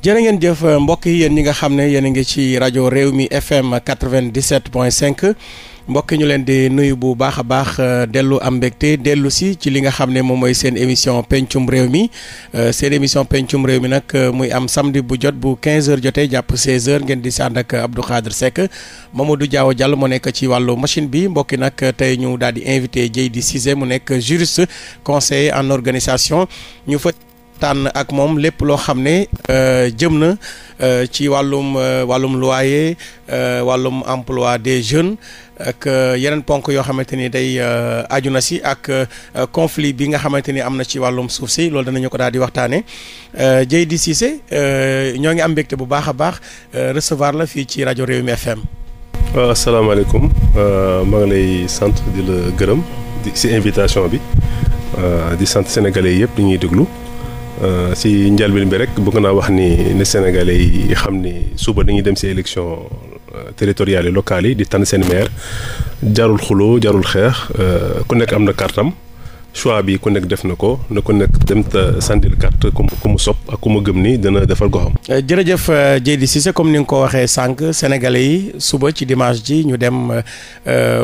jërë ngeen jëf mbokk yi yéen ñi nga xam ne yéen a ngi ci rajo réew mi FM 97.5 mbokk ñu leen di nuyu bu baax a baax dellu am mbégte dellu si ci li nga xam ne moom mooy seen émission pencum réew mi euh, seen émission pencum réew mi nag euh, muy am samedi bu jot bu 15h jotee jàpp 16h ngeen di sànnak ànd ak Abdou moom Seck Mamadou Diaw jàll mu nekk ci wàllu machine bi mbokki nag tey ñu daal di invité di Cissé mu nekk juriste conseiller en organisation ñu fa. waxtaan ak moom lépp loo xam ne euh, jëm na euh, ci wàllum euh, wàllum loyer wàllum emploi des jeunes ak yeneen ponk yoo xamante ni day aju na si ak conflit bi nga xamante ni am na ci wàllum suuf si loolu danañu ko daal di waxtaanee Dieydi Cissé ñoo ngi am mbégte bu baax a baax recevoir la fii ci rajo Rewmi FM. waaw asalaamaaleykum mu ngi lay sant di la gërëm di si invitation bi di sant sénégalais yëpp di ñuy déglu. Euh, si njëlbeen bi rek bëgg naa wax ni ne Sénégalais yi xam ni suba dañuy dem si élection euh, territoriales yi locales yi di tànn seen maire jarul xuloo jarul xeex euh, ku nekk am na kartam choix bi ku nekk def na ko na ku nekk dem ta sandil carte ku mu ku mu sopp ak ku mu gëm ni dana defal goxam. jërëjëf si sa comme ni nga ko waxee sànq sénégalais yi suba ci dimanche ji ñu dem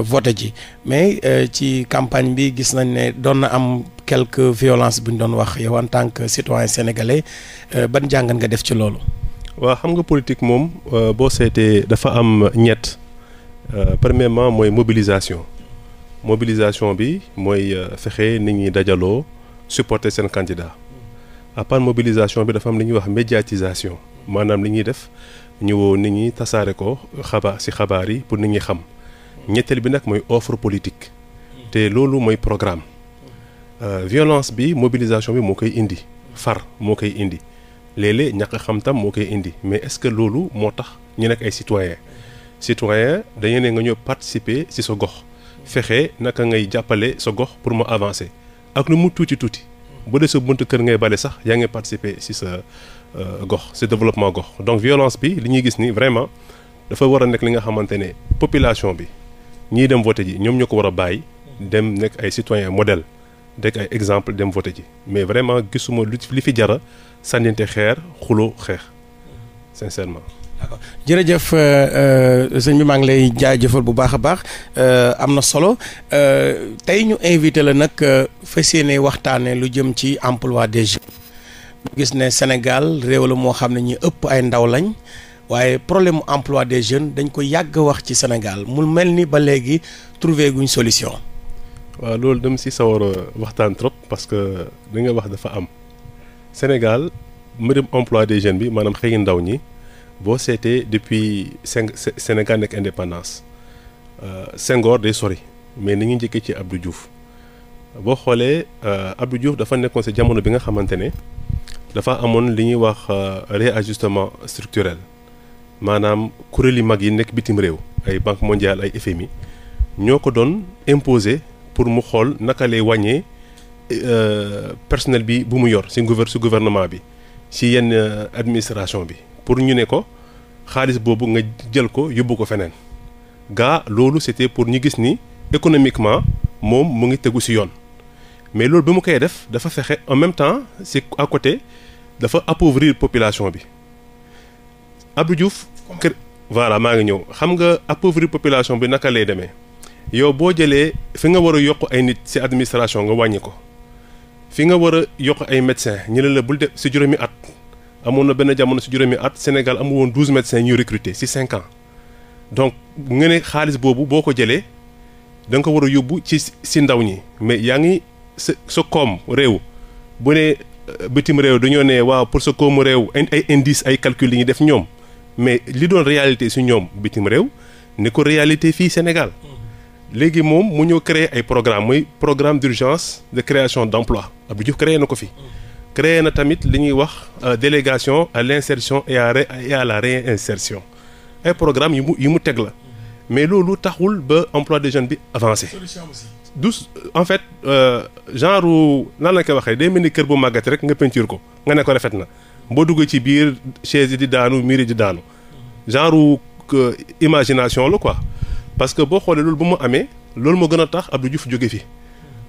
vote ji mais ci campagne bi gis nañ ne doon na am. quelque violences bu ñu doon wax yow en tant que citoyen sénégalais euh, ban jàngat nga def ci loolu. waa xam nga politique moom euh, boo seetee dafa am ñett euh, premièrement mooy mobilisation mobilisation bi mooy fexe nit ñi dajaloo supporter seen candidat à part mobilisation bi dafa am li ñuy wax médiatisation maanaam li ñuy def ñëwoo woo nit ñi tasaare ko xabaar si xabaar yi pour nit ñi xam ñetteel bi nag mooy offre politique te loolu mooy programme. Euh, violence bi mobilisation bi moo koy indi far moo koy indi léeg-léeg ñàkk xam tam moo koy indi mais est-ce que loolu moo tax ñu nekk ay citoyens citoyens dañu ne nga ñëw participer si sa gox fexe naka ngay jàppale sa gox pour mu avancer ak lu mu tuuti tuuti bu dee sa bunt kër ngay bale sax yaa ngi participer si sa euh, gox ci développement gox donc violence bi li ñuy gis ni vraiment dafa war a nekk li nga xamante ne population bi ñiy dem voter ji ñoom ñoo ko war a bàyyi dem ay citoyens modèle de ay exemple dem voté ji mais vraiment gisuma lu li fi jara sànninte xeer xuloo xeex sincèrement d'accord jërëjëf euh, euh, sëñ bi maa ngi lay jaajëfal bu baax a baax euh, am na solo tey ñu invité la nag fas yéene waxtaane lu jëm ci emploi des jeunes gis ne Sénégal réew la moo xam ne ñi ëpp ay ndaw lañ waaye problème mu emploi des jeunes dañ ko yàgg wax ci Sénégal mu mel ni ba léegi trouver guñ solution waaw loolu dama si sawar waxtaan trop parce que li nga wax dafa am Sénégal mbirum emploi des jeunes bi maanaam xëy ndaw ñi boo seetee depuis Sénégal nekk indépendance euh, Senghor day sori mais ni ñu njëkkee ci Abdou Diouf boo xoolee euh, Abdou Diouf dafa nekkoon si jamono bi nga xamante ne dafa amoon li ñuy wax euh, réajustement structurel maanaam kuréel yu mag yi nekk bitim réew ay banque mondiale ay FMI ñoo ko doon imposer. pour mu xool naka lay wàññee euh, personnel bi bu mu yor si gouver gouvernement bi si yenn euh, administration bi pour ñu ne ko xaalis boobu nga jël ko yóbbu ko feneen gaa loolu c'était pour ñu gis ni économiquement moom mu ngi tegu si yoon mais loolu ba mu koy def dafa fexe en même temps si à côté dafa appauvrir population bi Abdou Diouf. voilà maa ngi ñëw xam nga appauvrir population bi naka lay demee. yow boo jëlee fi nga war a yokk ay nit ci administration nga wàññi ko fi nga war a yokk ay médecin ñi ne la bul def ci juróomi at amoon na benn jamono ci juróomi at Sénégal amu woon douze médecins ñuy recruter ci cinq ans donc nga ne xaalis boobu boo ko jëlee da nga ko war a yóbbu ci ci ndaw ñi mais yaa ngi sa sa koom réew bu ne euh, bitim réew dañoo ne waaw pour sa koomu réew ay indice ay calcul yi ñu def ñoom mais li doon réalité ci ñoom bitim réew ni ko réalité fii Sénégal. léegi moom mu ñëw créer ay programme muy programme d'urgence de création d'emploi Abdou Diouf créé na ko fi créer na tamit li ñuy wax euh, délégation à l'insertion et à et à la réinsertion ay programme yu mu yu mu teg la mais loolu taxul ba emploi des jeunes bi avancé du en fait euh, genre nan la koy waxee day mel ni kër bu màggat rek nga peinture ko nga ne ko rafet na boo duggee ci biir chaise di daanu miir di daanu genre euh, imagination la quoi parce que boo xoolee loolu ba mu amee loolu moo gën a tax Abdou Diouf jóge fi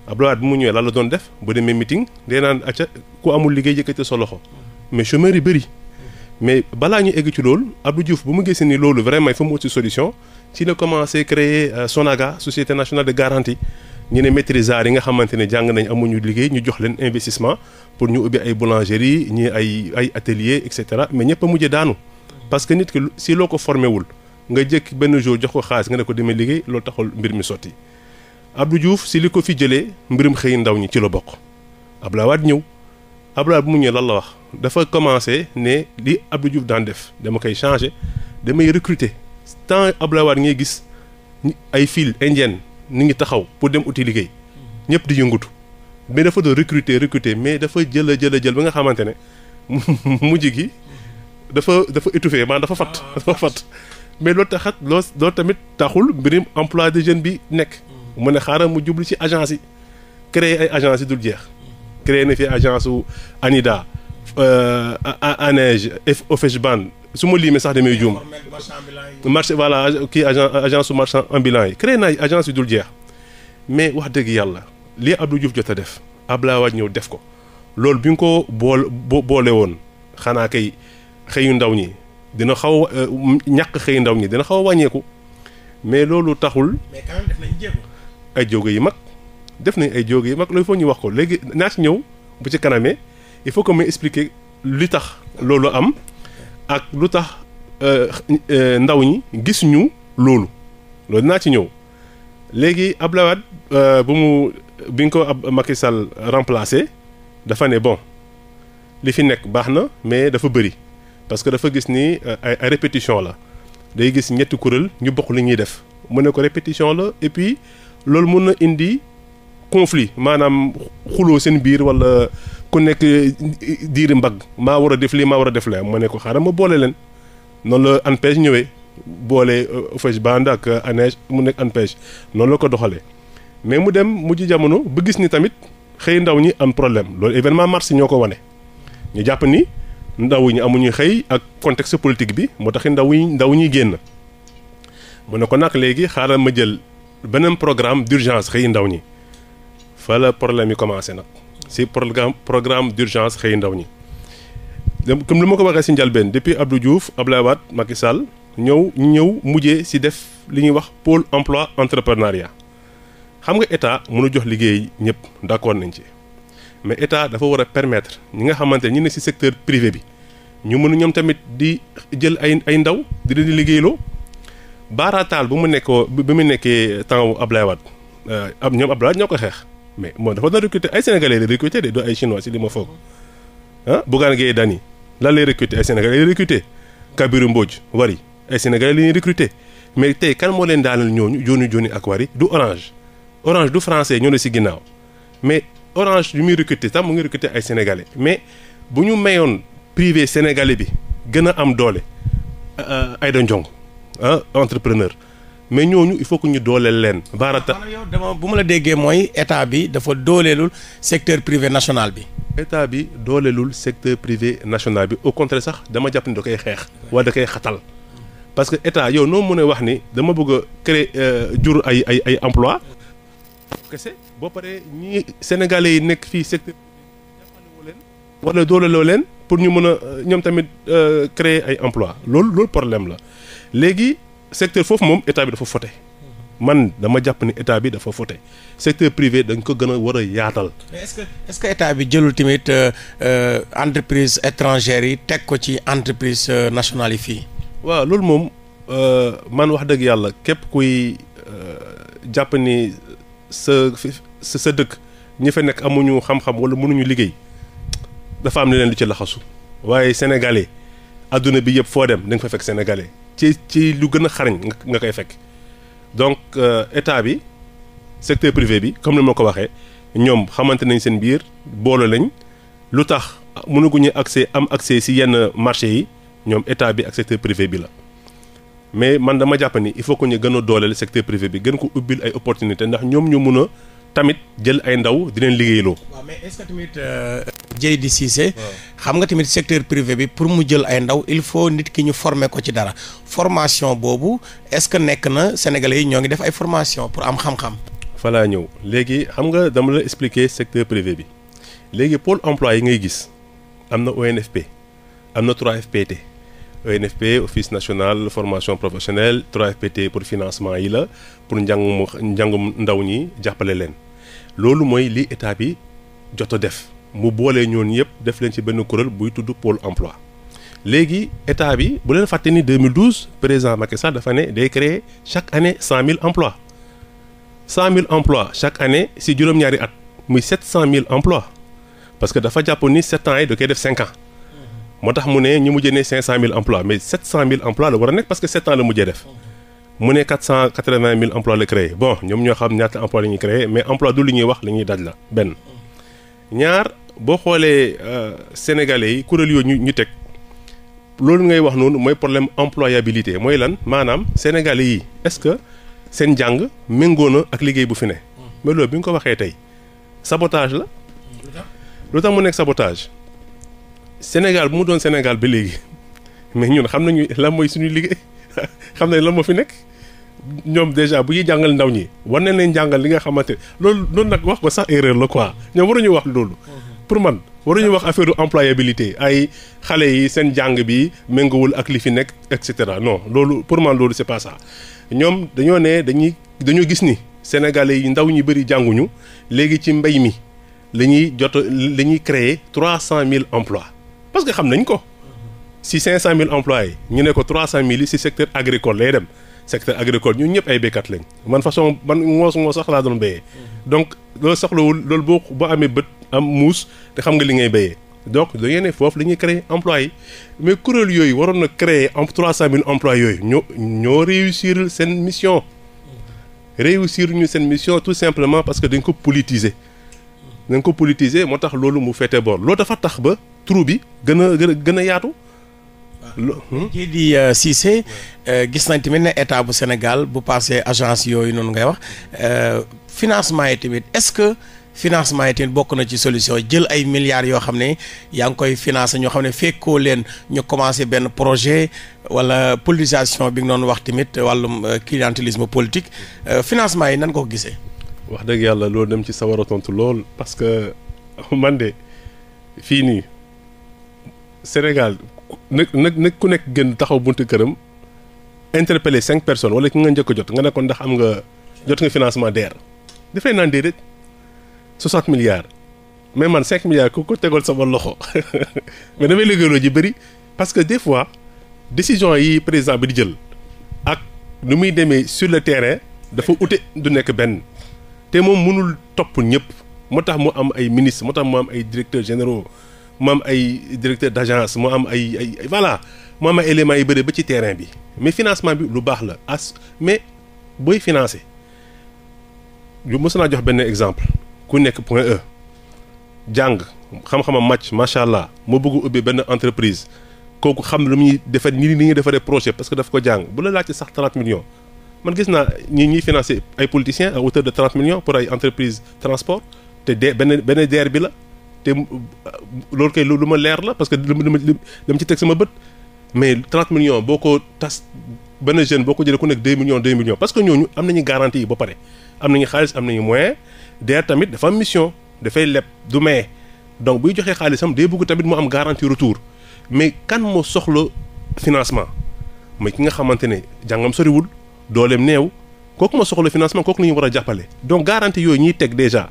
Abdoulaye bi mu ñëwee lan la doon def bu demee meeting day naan acca ku amul liggéey yëkkati sa loxo mais chômeurs yi bëri mais balaa ñu egg ci loolu Abdou Diouf bu mu gisee ni loolu vraiment il faut mu ut si solution ci la commencé créer euh, Sonaga société nationale de garantie ñu ne maîtrisards yi nga xamante ne jàng nañ amuñu liggéey ñu jox leen investissement pour ñu ubbi ay boulangerie ñi ay ay atelier et cetera mais ñëpp a mujjee parce que nit ki si loo ko formé wul nga jëkk benn jour jox ko xaalis nga ne ko demee liggéey loolu taxul mbir mi sotti Abdou Diouf si li ko fi jëlee mbirum xëy ndaw ñi ci la bokk Abdoulaye Wade ñëw Abdoulaye bu mu la wax dafa commencé ne li Abdou Diouf daan def dama koy changé damay recruter tant Abdoulaye Wade ngay gis ay fil indienne ni ngi taxaw pour dem uti liggéey ñëpp di yëngutu mais dafa doon recruter recruter mais dafa jël a jël a jël ba nga xamante ne mujj gi dafa dafa étouffé maanaam dafa fat dafa fat mais loolu taxat loolu loolu tamit taxul mbirim emplois des jeunes bi nekk. Mm-hmm. mu ne xaaral mu jublu ci agence yi créer ay agence yi dul jeex. Mm-hmm. créer na fi agence su ANIDA euh, ANEJ OFEJBAN su ma limee sax damay juum. marché voilà kii agence agence su marchand ambulant yi créer na ay agence yu dul jeex mais wax dëgg yàlla li Abdou Diouf jot a def Abdoulaye Wade ñëw def ko loolu bi nga ko boo boole woon xanaa kay xëyu ndaw ñi. dina xaw a euh, ñàkk xëy ndaw ñi dina xaw a wàññeeku mais loolu taxul. mais ay jéego yi mag def nañ ay jéego yi mag loolu foog ñu wax ko léegi naa ci ñëw bu ci kanamee il faut que may expliquer li tax loolu am ak lu tax euh, euh, ndaw ñi gis ñu loolu loolu dinaa ci ñëw léegi Abdoulaye Wade bu mu bi nga ko ab Macky Sall remplacé dafa ne bon li fi nekk baax na mais dafa bëri. parce que dafa gis ni euh, ay répétition la day gis ñetti kuréel ñu bokk li ñuy def mu ne ko répétition la et puis loolu mun na indi conflit maanaam xuloo seen biir wala ku nekk diiri mbagg maa war a def lii maa war a def la mu ne ko xaaral ma boole leen noonu la ANPEJ ñëwee boole euh, Fej Band ak euh, ANEJ mu nekk ANPEJ noonu la ko doxalee mais mu dem mujj jamono bu gis ni tamit xëy ndaw ñi am problème loolu événement mars ñoo ko wane ñu jàpp ni. ndaw ñi amuñu xëy ak contexte politique bi moo tax ndaw ñi ndaw ñuy génn mu ne ko nag léegi xaaral ma jël beneen programme d'urgence xëy ndaw ñi fa la problème yi commencé na si programme programme d'urgence xëy ndaw ñi. comme li ma ko waxee si njalbeen depuis Abdou Diouf Abdoulaye Wade Macky Sall ñëw ñëw mujje si def li ñuy wax pôle emploi entrepreneuriat xam nga état mënu jox liggéey ñëpp d'accord nañ ci. mais état dafa war a permettre ñi nga xamante ñi ne ci secteur privé bi ñu mënu ñoom tamit di jël ay ay ndaw di leen di liggéeyloo baaraataal bu mu nekkoo bi mu nekkee temps Ablaye Wade euh, ab ñoom Ablaye Wade ñoo ko xeex mais moom dafa doon recruter ay sénégalais la recruter de doo ay chinois ci li ma foog ah Bougane Gueye Dany lan lay recruter ay sénégalais lay recruter Kabirou Mbodj Wari ay sénégalais la ñuy recruter mais tey kan moo leen daanal ñooñu joni joni ak Wari du orange orange du français ñoo ne ginnaaw orange yu muy recruter sax mu ngi recruter ay sénégalais mais bu ñu mayoon privé sénégalais bi gën a am doole euh, Aïda Ndiong ah entrepreneur mais ñooñu il faut que ñu dooleel leen. baarata yow bu ma la déggee mooy état bi dafa dooleelul secteur privé national bi. état bi dooleelul secteur privé national bi au contraire sax dama jàpp ni da koy xeex. wala da koy xatal. parce que état yow noo mën a wax ni dama bëgg a créer euh, jur ay ay ay emploi kese boo paree ñii sénégalais yi nekk fii secteur wala dooleloo leen pour ñu mën a euh, ñoom tamit euh, créer ay emploi loolu loolu problème la léegi secteur foofu moom état bi dafa fote man dama jàpp ni état bi dafa fote secteur privé dañ ko gën a war a yaatal. mais est-ce que est-ce que état bi jëlul tamit euh, entreprise étrangères yi teg ko ci entreprise nationale yi fii. waaw loolu moom man wax dëgg yàlla képp kuy jàpp ni sa sa sa dëkk ñi fa nekk amuñu xam-xam wala mënuñu liggéey dafa am leneen lu ci laxasu waaye sénégalais àdduna bi yëpp foo dem da nga fa fekk sénégalais ci ci lu gën xarañ nga koy fekk donc euh, état bi secteur privé bi comme ni ma ko waxee ñoom xamante nañ seen biir boole lañ lu tax mënaguñu accès am accès si yenn marché yi ñoom état bi ak secteur privé bi la mais man dama jàpp ni il faut que ñu gën a dooleel secteur privé bi gën ko ubbil ay opportunité ndax ñoom ñu mun a tamit jël ay ndaw di leen liggéeyloo. waaw mais est-ce que tamit. Euh, xam nga tamit secteur privé bi pour mu jël ay ndaw il faut nit ki ñu former ko ci dara formation boobu est-ce que nekk na sénégal yi ñoo ngi def ay formation pour am xam-xam. fa ñëw léegi xam nga dama la expliquer secteur privé bi léegi pôle emploi yi ngay gis am na ONFP am na trois fpt ONFP office national formation professionnelle 3FPT pour financement yi la pour njàngum njàngum ndaw ñi jàppale leen loolu mooy li état bi jot a def mu boolee ñoon yëpp def leen ci benn kuréel buy tudd pôle emploi léegi état bi bu leen fàtte ni 2012 président Macky Sall dafa ne day créer chaque année 100000 emplois 100000 emplois chaque année si juróom-ñaari at muy 700000 emplois parce que dafa jàpp ni 7 ans yi da def 5 moo tax mu ne ñu mujjee ne 500000 emplois mais 700000 emplois la war la mujjee def. mu ne quatre cent quatre vingt mille emplois la créé bon ñoom ñoo xam ñaata emploi la ñuy créé mais emploi du li ñuy wax li ñuy daj la benn. ñaar boo xoolee euh, sénégalais yi kuréel yooyu ñu ñu teg loolu ngay wax noonu mooy problème employabilité mooy lan maanaam sénégalais yi est-ce que seen jàng méngoo na ak liggéey bu fi ne. mais bi nga ko waxee tey sabotage la. lu tax mu nekk sabotage. Sénégal bu mu doon Sénégal bi léegi mais ñun xam nañu lan mooy suñu liggéey xam nañ lan moo fi nekk. ñoom déjà bu ñuy jàngal ndaw ñi war nañ leen jàngal li nga xamante loolu loolu nag wax ko sax erreur la quoi ñoom ñu wax loolu. pour man war ñu wax affaire employabilité ay xale yi seen jàng bi méngawul ak li fi nekk et cetera non loolu pour man loolu c'est pas ça ñoom dañoo ne dañuy dañoo gis ni sénégalais yi ndaw ñi bëri jànguñu léegi ci mbay mi la ñuy jot li ñuy créer trois cent mille emploi parce que xam nañ ko. si cinq cent mille emplois yi ñu ne ko trois cent mille si secteur agricole lay secteur agricole ñun ñëpp ay béykat lañ man façon man moos moo sax laa doon béyee donc loolu soxlawul loolu boo boo amee bët am muus te xam nga li ngay béyee donc da ngeen ne foofu la ñuy créer emploi yi mais kuréel yooyu waroon na créer am 300000 emplois yooyu ñoo ñoo réussir seen mission réussir ñu seen mission tout simplement parce que dañ ko politiser dañ ko politiser moo tax loolu mu féete boor loo dafa tax ba trou bi gën a gën a yaatu Hmm? kii di ci euh, Cissé euh, gis nañ tamit ne état bu Sénégal bu passé agence yooyu noonu ngay wax euh, financement yi tamit est-ce que financement yi tamit bokk na ci solution jël ay milliards yoo xam ne yaa ngi koy financer ñoo xam ne fekkoo leen ñu commencé benn projet wala politisation bi nga doon wax tamit wàllum clientélisme politique financement yi nan ko gisee. wax dëgg yàlla loo dem ci sa war a tontu lool parce que man de fii nii Sénégal nag nag nag ku nekk gën taxaw buntu këram interpellé cinq personnes wala ki nga njëkk a jot nga ne ko ndax am nga jot nga financement DER. dafay naan déedéet soixante milliards mais man cinq milliards ku ko tegal sama loxo mais damay liggéeyloo ji bëri parce que des fois décision yi président bi di jël ak nu muy demee sur le terrain dafa ute du nekk benn te moom mënul topp ñëpp moo tax mu am ay ministres moo tax mu am ay directeurs généraux. mu am ay directeur d' agence mu am ay ay voilà mu am ay éléments yu bëri ba ci terrain bi mais financement bi lu baax la as mais booy financé yu mos naa jox benn exemple ku nekk point E jàng xam xam a match macha allah mu bëgg ubbi benn entreprise kooku xam lu mu defar nii ni ñuy defaree projet parce que daf ko jàng bu la laajte sax 30 millions man gis naa ñi ñuy financé ay politiciens à de 30 million pour ay entreprise transport te de benn benn DER bi la. te loolu kay lu ma leer la parce que dama dama ci teg sama bët mais 30 millions boo ko tas benn jeune boo ko jëlee ku nekk 2 millions 2 millions parce que ñooñu am nañu garantie yi ba pare am nañu xaalis am nañu moyen DER tamit dafa am mission dafay leb du maye donc buy joxee xaalisam day bëgg tamit mu am garantie retour mais kan moo soxla financement mooy ki nga xamante ne jàngam soriwul dooleem néew kooku ma soxla financement kooku la ñu war a jàppale donc garantie yooyu ñuy teg déjà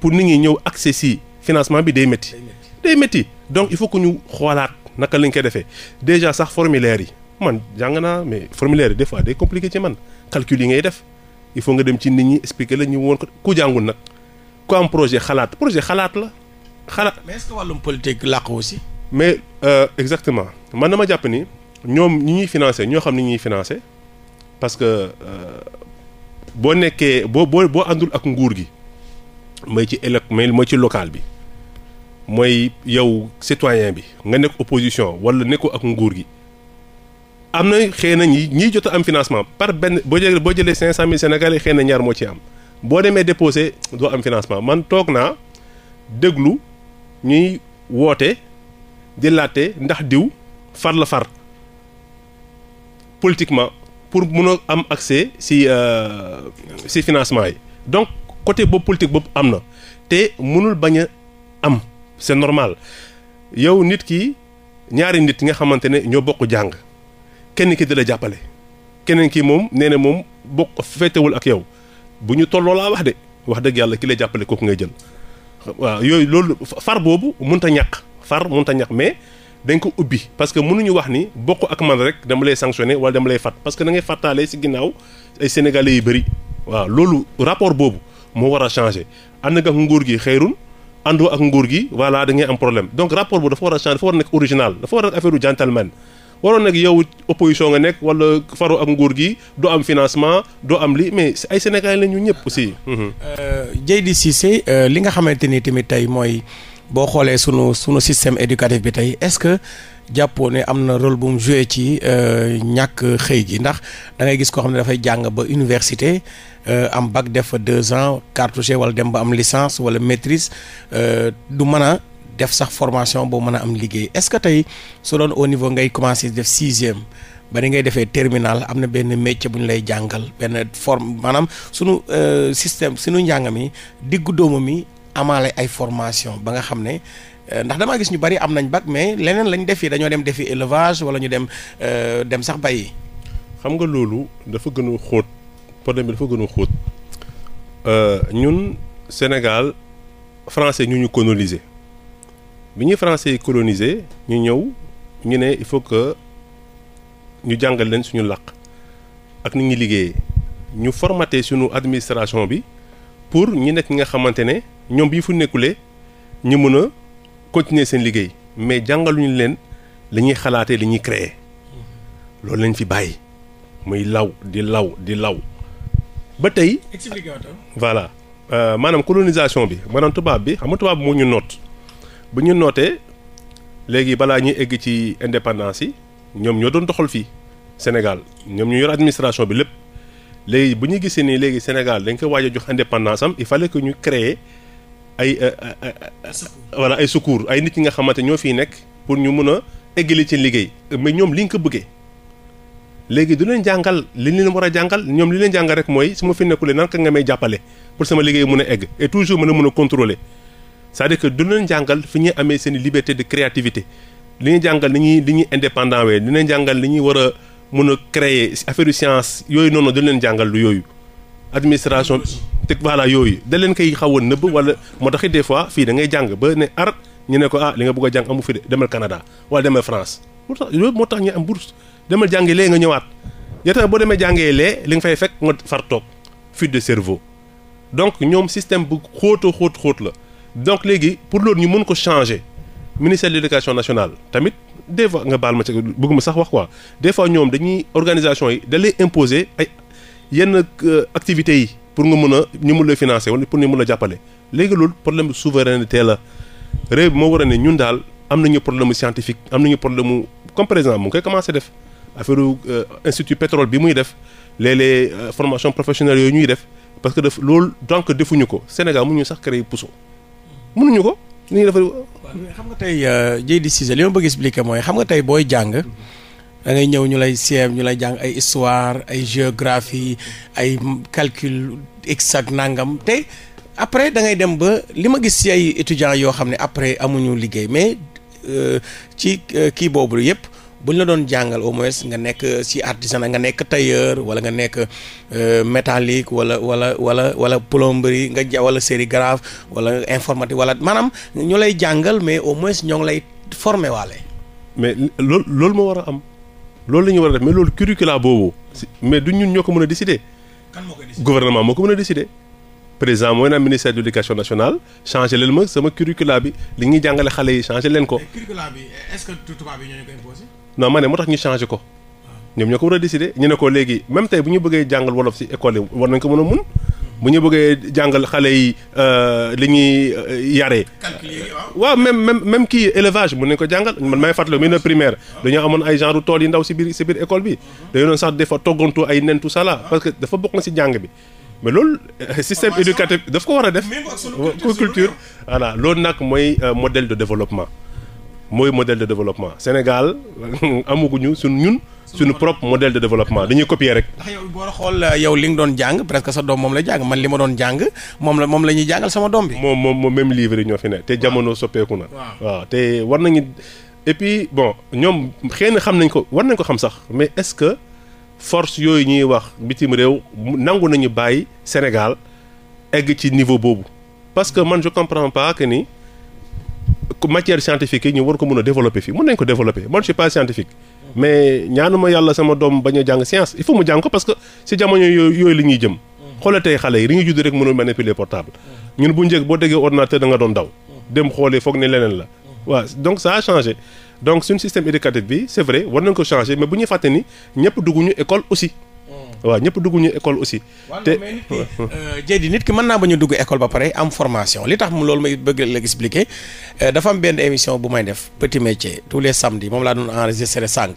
pour nit ñi ñëw accès si financement bi day métti day métti donc il faut que ñu xoolaat naka lañ koy defee déjà sax formulaire yi man jàng naa mais formulaire yi des fois day compliqué ci man calcul yi ngay def il faut nga dem ci nit ñi expliquer la ñu woon ko ku jàngul nag ku am projet xalaat projet xalaat la xalaat. mais est-ce que aussi. mais euh, exactement man dama jàpp ni ñoom ñi ñuy financé ñoo xam ni ñuy financé parce que euh, boo nekkee boo boo boo àndul ak nguur gi mooy ci élec mooy ci locale bi. mooy yow citoyen bi nga nekk opposition wala nekkoo ak nguur gi am na xëy na ñi ñiy jot am financement par benn boo jëlee boo jëlee cinq cent mille sénégalais xëy na ñaar moo ci am boo demee déposé doo am financement man toog naa déglu ñuy woote di ndax diw far la far politiquement pour mun a am accès si euh, si financement yi donc côté boobu politique boobu am na te mënul bañ a am c'est normal yow nit ki ñaari nit yi nga xamante ne ñoo bokk jàng kenn ki di la jàppale keneen ki moom nee na moom bokk féetewul ak yow bu ñu tolloo laa wax de wax dëgg yàlla ki lay jàppale kooku ngay jël waaw yooyu loolu far boobu mun ta ñaq far ta ñàkk mais dañ ko ubbi parce que mënuñu wax ni bokk ak man rek dama lay sanctionné wala dama lay fat parce que da ngay si ginnaaw ay sénégalais yu bari waaw loolu rapport boobu moo war a changé ànd nga nguur gi xëyrun àndoo ak nguur gi voilà da ngay am problème donc rapport bu dafa war a changer dafa war a nekk original dafa war a nekk affaire gentleman waroon nag yow opposition nga nekk wala faru ak nguur gi doo am financement doo am li mais ay Sénégalais la ñu ñëpp aussi. si euh, Cissé euh, li nga xamante ni tamit tey mooy. boo xoolee sunu sunu système éducatif bi tey est-ce que jàppoo ne am na rôle bu mu joué ci euh, ñàkk xëy gi ndax da ngay gis koo xam ne dafay jàng ba université euh, am bac def fa deux ans cartouché wala dem ba am licence wala maîtrise euh, du mën a def sax formation boo mën a am liggéey est-ce que tey su doon au niveau ngay commencé def sixième ba ni ngay defee terminal am na benn métier bu ñu lay jàngal benn forme maanaam sunu système sunu njàng mi diggu dóomu mi. amaale ay formation ba nga xam ne euh, ndax damaa gis ñu bari am nañ bac mais leneen lañ def yi dañoo dem defi élevage wala ñu dem euh, dem sax bay xam nga loolu dafa gën a xóot problème bi dafa gën a xóot euh, ñun Sénégal français ñu ñu coloniser bi ñuy français yi ñu ñëw ñu ne il faut que ñu jàngal leen suñu làkk ak ni ñuy liggéeyee ñu formaté suñu administration bi pour ñi nekk ñi nga xamante ne ñoom bi ñu fu nekkulee ñu mën a continuer seen liggéey mais jàngaluñu leen li ñuy xalaatee li ñuy créer loolu lañ fi bàyyi muy law di law di law ba tey. expliqué voilà euh, maanaam colonisation bi maanaam tubaab bi xam nga tubaab moo ñu noot bu ñu nootee léegi balaa ñuy egg ci indépendance yi ñoom ñoo doon doxal fii Sénégal ñoom ñu yor administration bi lépp. léegi bu ñu gisee nii léegi Sénégal dañ ko waaj a jox indépendant am il fallait que ñu créer ay euh, euh, euh, voilà ay secours ay nit ñi nga xamante ñoo fiy nekk pour ñu mun a eggali ci liggéey mais ñoom li ñu ko bëggee léegi du leen jàngal li leen war a jàngal ñoom li leen jàngal rek mooy su ma fi nekkulee nan ka nga may jàppale pour sama liggéey mun a egg et toujours mën a mun a contrôler cest à que du leen jàngal fi ñuy amee seen liberté de créativité li ñuy jàngal li ñuy li ñuy indépendant wee li leen jàngal li ñuy war a mun a créer affaire yu science yooyu noonu dañ leen jàngal yooyu administration teg voilà yooyu da leen koy xaw a nëbb wala moo tax des fois fii da ngay jàng ba ne ar ñu ne ko ah li nga bugg a jàng amu fi demal Canada wala demal France moo tax loolu moo tax ñu am bourse demal jàngi lee nga ñëwaat yaa tax boo demee jàngee lee li nga fay fekk nga far toog fuite de cerveau donc ñoom système bu xóoto xóot xóot la donc léegi pour loolu ñu mën ko changer ministère de l'éducation nationale tamit des fois nga baal ma ci bëgguma sax wax quoi des fois ñoom dañuy organisation yi da lay imposer ay yenn euh, activités yi pour nga mën a ñu mun la financer wala pour ñu mun a jàppale léegi loolu problème souveraineté la réew moo war a ne ñun daal am nañu problème scientifique am nañu problème mu comme par exemple mu ngi koy commencé def affaire euh, institut pétrole bi muy def léeg euh, formation professionnelle yooyu ñuy def parce que def loolu donc defuñu ko Sénégal mu ñu sax créer puso mënuñu ko. nit ñi dafa. xam nga tey euh, Dieydi Cissé li ma bëgg expliquer mooy xam nga tey booy jàng. da ngay ñëw ñu lay seem ñu lay jàng ay histoire ay géographie ay calcul exact nangam tey après da ngay dem ba li ma gis ci ay étudiants yoo xam ne après amuñu liggéey mais euh, ci euh, kii boobu yëpp. bu ñu la doon jàngal au moins nga nekk euh, si artisanat nga nekk tailleur wala nga nekk euh, métallique wala wala wala wala plomberie nga ja wala sérigraphe wala informatique wala maanaam ñu lay jàngal mais au moins ñoo ngi lay formé waale. mais loolu loolu moo war a am loolu la ñu war a def mais loolu curricula boobu mais du ñun ñoo ko mën a décider. kan moo koy décider gouvernement moo ko mën a décider. président mooy naan ministère de l' éducation changé leen ma sama bi li ñuy jàngale xale yi changé leen ko. curricula bi est ce que imposé. non man ne moo tax ñu changé ko ñoom ñoo ko war a décider ñu ne ko léegi même tey bu ñu bëggee jàngal wolof ci école yi war nañ ko mën a mun bu ñu bëggee jàngal xale yi euh, li ñuy euh, yaree. waaw même même même kii élevage mun nañu ko jàngal man may fàttali mu ne primaire dañoo amoon ay genre tool yi ndaw si biir si biir école bi. dañoo doon sax des fois toggantu ay nen tout ça parce que dafa bokk na si jàng bi mais loolu. Euh, système éducatif daf ko war a def. culture voilà loolu nag mooy modèle de développement. mooy modèle de développement Sénégal amaguñu suñ ñun suñu prop modèle de développement dañuy copier rek. ndax yow boo xool euh, yow li nga doon jàng presque sa doom moom la jàng man li ma doon jàng moom la moom la ñuy jàngal sama doom bi. moom moom moom même livre yi ñoo fi ne te jamono soppeeku na. waaw te war nañu et puis bon ñoom xëy na xam nañ ko war nañ ko xam sax mais est-ce que force yooyu ñuy wax bitim réew nangu nañu bàyyi Sénégal egg ci niveau boobu parce que man je comprends pas matière scientifique yi ñu war ko mën a fii mën nañ ko développer man je pas scientifique mais ñaanuma yàlla sama doom bañ a jàng science il faut mu jàng ko parce que jamono yooyu li jëm xoolee xale yi li ñu judd rek mënul manipuler portable ñun bu njëkk boo déggee ordinateur da doon daw dem xoolee foog ne leneen la waaw donc ça a donc suñu système éducatif bi c'est vrai war nañ ko changer mais bu ñuy fàtte ni ñëpp dugguñu école waaw ñëpp dugguñu école aussi. te Dieydi euh, nit ki mën naa ba ñu dugg école ba pare am formation li tax mu loolu may bëgg la expliquer euh, dafa am benn émission bu may def petit métier tous les samedis moom laa doon enregistré sànq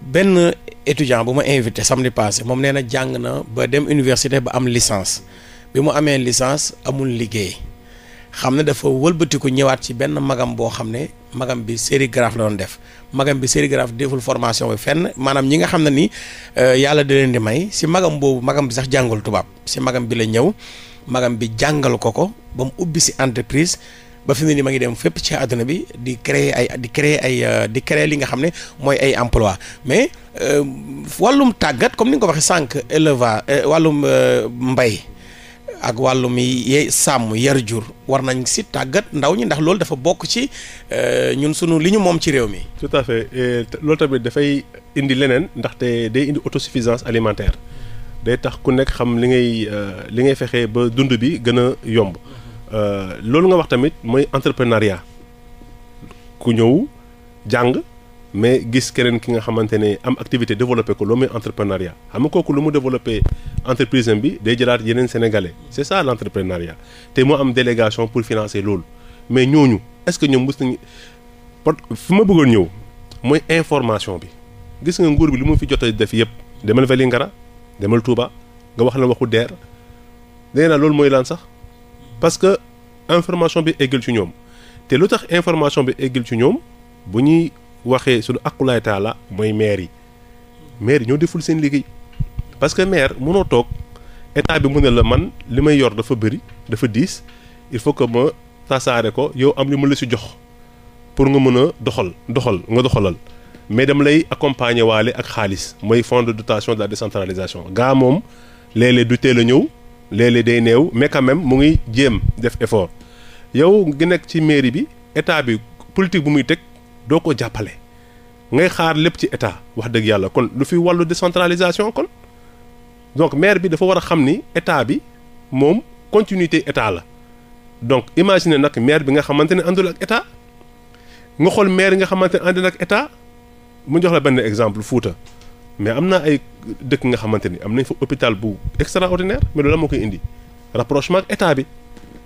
benn étudiant bu ma invité samedi passé moom nee na jàng na ba dem université ba am licence bi mu amee licence amul liggéey. xam ne dafa wëlbatiku ñëwaat ci benn magam boo xam ne magam bi sérigraphe la doon def magam bi sérigraphe deful formation bi fenn maanaam ñi nga xam ne ni euh, yàlla da leen di may si magam boobu magam bi sax jàngal tubaab si magam bi la ñëw magam bi jàngal ko ko ba mu ubbi si entreprise ba fi mu ne nii ma ngi dem fépp ci àdduna bi di créer ay di créer ay euh, di créer li nga xam ne mooy ay emploi mais euh, wàllum tàggat comme ni nga ko waxee sànq éleva wàllum mbay ak wàllum ye sàmm yar jur war nañ si tàggat ndaw ñi ndax loolu dafa bokk ci euh, ñun sunu li ñu moom ci réew mi. tout à fait loolu tamit dafay indi leneen ndaxte day indi autosuffisance alimentaire day tax ku nekk xam li ngay euh, li ngay fexee ba dund bi gën a yomb euh, loolu nga wax tamit mooy entrepreneuriat ku ñëw jàng. mais gis keneen ki nga xamante ne am activité développé ko loo muy entrepreneuriat xam nga lu mu développé entreprise am bi day jëlaat yeneen sénégalais c'est ça l'entrepreneuriat te mu am délégation pour financer loolu mais ñooñu est-ce que ñoom mus nañu pot fi ma bëggoon ñëw mooy information bi gis nga nguur bi li mu fi jot a def yëpp demal ngara demal Touba nga wax la waxu DER nee naa loolu mooy lan sax parce que information bi eggul ci ñoom te lu tax information bi eggul ci ñoom waxee suñu aqulaay taala mooy maire yi maire yi ñoo deful seen liggéey parce que maire mënoo toog état bi mu ne la man li may yor dafa bëri dafa diis il faut que ma tasaare ko yow am li mu la si jox pour nga mën a doxal doxal nga doxalal mais dama lay accompagner waale ak xaalis mooy fond de dotation de la décentralisation gaa moom léeg du teel a ñëw léeg day néew mais quand mu ngi jéem def effort yow gi nekk ci mairie bi état bi politique bu muy teg doo ko jàppale ngay xaar lépp ci état wax dëgg yàlla kon lu fi wàllu décentralisation kon donc maire bi dafa war a xam ni état bi moom continuité état la donc imagine nag maire bi nga xamante ne àndul ak état nga xool maire yi nga xamante ne àndul ak état mu jox la benn exemple Fuuta mais am naa ay dëkk nga xamante ni am nañ fa hôpital bu extraordinaire mais la moo koy indi rapprochement ak état bi.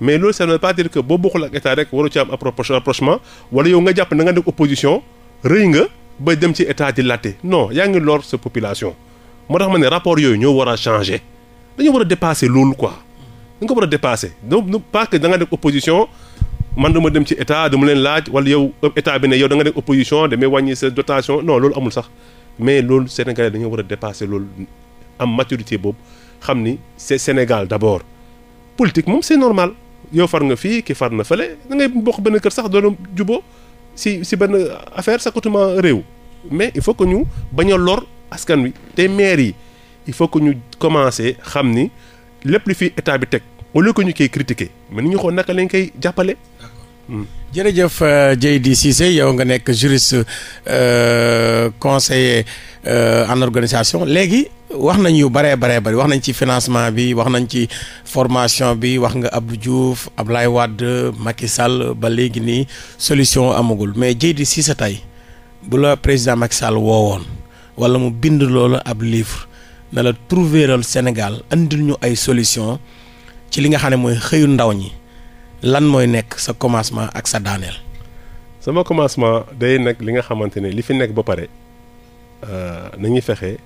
mais loolu ça ne veut pas boo bokkul ak état rek waru ci am rapprochement wala yow jàpp na nga nekk opposition rëy nga ba dem ci état di latte non yaa ngi lor sa population moo tax ma ne rapport yooyu ñoo war a changer war a loolu quoi dañ ko war a dépasser donc pas que da nga nekk opposition man dama dem ci état dama leen laaj wala yow état bi ne yow da nga nekk opposition damay wàññi sa dotation non loolu amul sax mais loolu Sénégalais dañoo war a dépasser loolu am maturité boobu xam ni c'est Sénégal d'abord politique moom c'est normal yow far nga fii ki far na fële da ngay bokk benn kër sax doon jubo si si benn affaire sakutuma réew mais il faut que ñu bañ a lor askan bi te maire yi il faut que ñu commencer xam ni lépp li fi état bi teg au lieu que ñu koy critiquer mais ni ñu xool naka lañ koy jàppale jërëjëf Dieydi euh, Cissé yow nga nekk juriste euh, conseiller euh, en organisation léegi wax nañ yu bëree baree bëri wax nañ ci financement bi wax nañ ci formation bi wax nga ab Abdou Diouf Ablaye Wade Macky Sall ba léegi nii solution amagul mais Dieydi Cissé tey bu la président Macky Sall woowoon wala mu bind loolu ab livre na la trouvéral Sénégal andil ay solution ci li nga xam ne mooy xëyu ndaw ñi lan mooy nekk sa commencement ak sa daaneel. sama commencement day nekk li nga xamante ne li fi nekk ba pare euh, nañuy fexe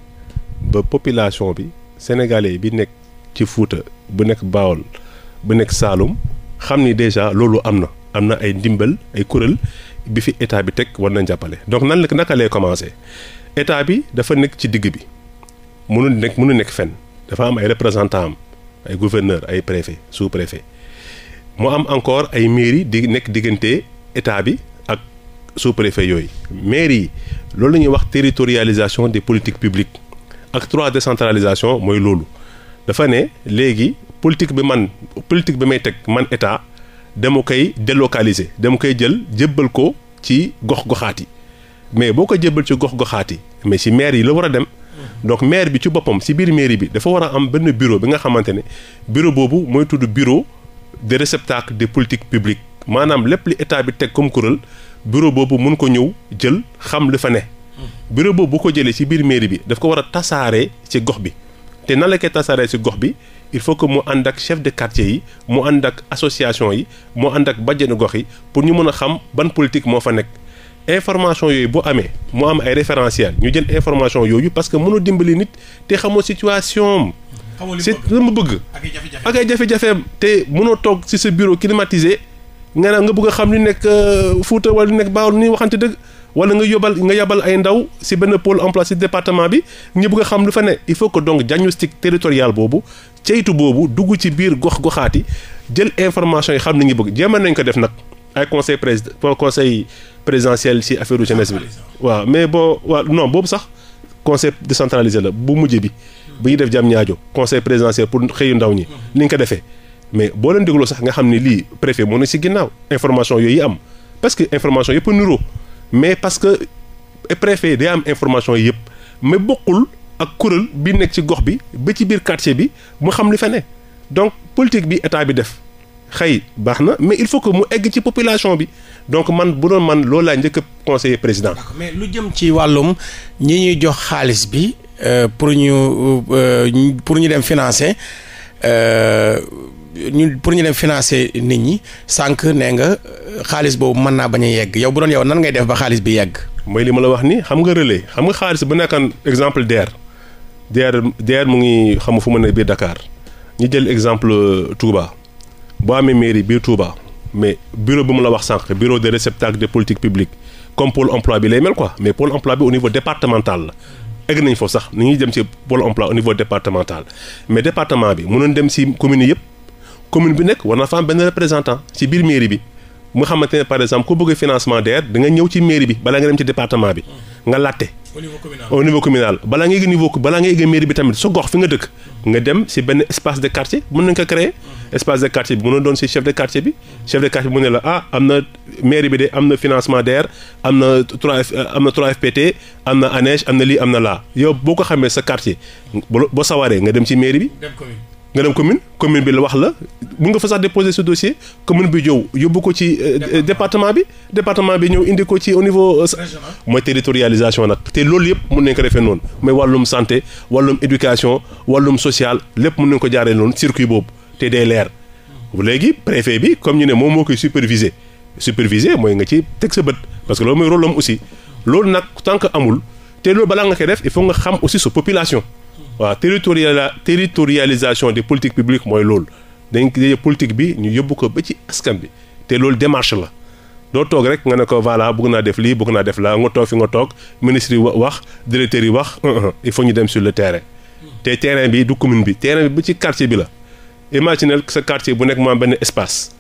ba population bi sénégalais bi nekk ci Fuuta bu nekk Bawol bu nekk Saalum xam ni déjà loolu am na am na ay ndimbal ay kuréel bi fi état bi teg war nañ jàppale donc nan la naka lay commencé état bi dafa nekk ci digg bi mënul nekk mënul nekk fen dafa am ay représentant am ay gouverneur ay préfet sous préfet mu am encore ay mairie di nekk diggante état bi ak sous-préfet yooyu mairie yi loolu la ñuy wax territorialisation des politiques publiques ak trois décentralisation mooy loolu dafa ne léegi politique bi man politique bi may teg man état dama koy délocaliser dem koy jël jëbbal ko ci gox-goxaat yi mais boo ko jébbal ci gox-goxaat yi mais si maire yi la war a dem donc mair bi ci boppam si biir mairie bi dafa war a am benn bureau bi nga xamante ne bureau boobu mooy tudd bureau des réceptacles des politiques publiques maanaam lépp li état bi teg comme kuréel bureau boobu mun ko ñëw jël xam li fa ne. bureau boobu bu ko jëlee ci biir mairie bi daf ko war a tasaaree ci gox bi te nan la koy tasaaree ci gox bi il faut que mu ànd ak chef de quartier yi mu ànd ak association yi mu ànd ak bajjenu gox yi pour ñu mën a xam ban politique moo fa nekk. information yooyu bu amee mu am ay référentiel ñu jël information yooyu parce que mënu dimbali nit te xamoo situation si la ma bëgg ak ay jafe-jafeem te mënoo toog si sa bureau climatisé nga naan nga bëgg a xam li nekk euh, Fuuta wala li nekk Bawol ni waxante dëgg wala nga yobal nga yabal ay ndaw si benn pole emploi si département bi ñu bëgg xam lu fa ne il faut que donc diagnostic territorial boobu ceytu boobu dugg ci biir gox goxaati jël information yi xam ni ngi bëgg jéem nañ ko def nag ay conseil président conseil présidentiel ci affaire jeunesse bi waaw mais boo waaw no boobu sax conseil décentralisé la bu mujj bi bu ñu def jàmm ñaajo conseil présidentiel pour xëyu ndaw ñi ni nga ko defee mais boo leen dégloo sax nga xam ne lii préfet moo ne si ginnaaw information yooyu am parce que information yëpp niroo mais parce que préfet day am information yëpp mais bokkul ak kuréel bi nekk ci gox bi ba ci biir quartier bi mu xam li fa donc politique bi état bi def xëy baax na mais il faut que mu egg ci population bi donc man bu doon man loolu laa njëkk a conseiller président. mais lu jëm ci wàllum ñi ñuy jox xaalis bi Euh, pour ñu euh, euh, pour ñu dem financer ñu pour ñu dem financer nit ñi sànq nee nga xaalis boobu mën naa bañ a yegg yow bu doon yow nan ngay def ba xaalis bi yegg. mooy li ma la wax ni xam nga relais xam nga xaalis ba nekkoon exemple DER DER DER mu ngi xam fu mu ne biir dakaar ñu jël exemple Touba boo amee mairie biir Touba mais bureau bi mu la wax sànq bureau de réceptacle des politiques publiques comme pôle emploi bi lay mel quoi mais pôle emploi bi au niveau départemental la. egg nañ foofu sax ni ñuy dem ci pôle emploi au niveau mais département bi mënoon dem ci commune yëpp commune bi nekk war na fa am benn représentant ci biir mairie bi mu xamante ne par exemple ku bëgg financement DER da nga ñëw ci mairie bi balaa nga dem ci département bi nga laajte au niveau communal balaa nga yegg niveau balaa nga yegg mairie bi tamit sa gox fi nga dëkk nga dem si benn espace de quartier mhm. doon si chef de mu ne la ah am na mairie bi de am na financement DER am na 3 euh, am na 3FPT am na ANEJ am na lii am na laa yow boo ko xamee sa quartier boo sawaree nga dem ci mairie bi nga dem commune commune bi la wax la mun nga fa sax déposer ce dossier commune bi jow yóbbu ko ci euh, département bi département bi ñëw indi ko ci au niveau euh, mooy territorialisation nag te loolu mu mun nañ ko defee noonu mooy wàllum santé wàllum éducation wàllum social lépp mun nañ ko jaaree noonu circuit boobu te day leer léegi préfet bi comme ñu ne moom moo koy superviser superviser mooy nga ci teg sa bët parce que loolu mooy rôle aussi loolu nag tant que amul te loolu balaa nga koy def il faut nga xam aussi sa population waaw territorial territorialisation des politiques publiques mooy loolu dañ ko politique bi ñu yóbbu ko ba ci askan bi te loolu démarche la doo toog rek nga ne ko voilà bëgg naa def lii bëgg naa def laa nga toog fi nga toog ministre yi wax directeur yi wax il faut ñu dem sur le terrain te terrain bi du commune bi terrain bi ba ci quartier bi la imaginel sa quartier bu nekk mu benn espace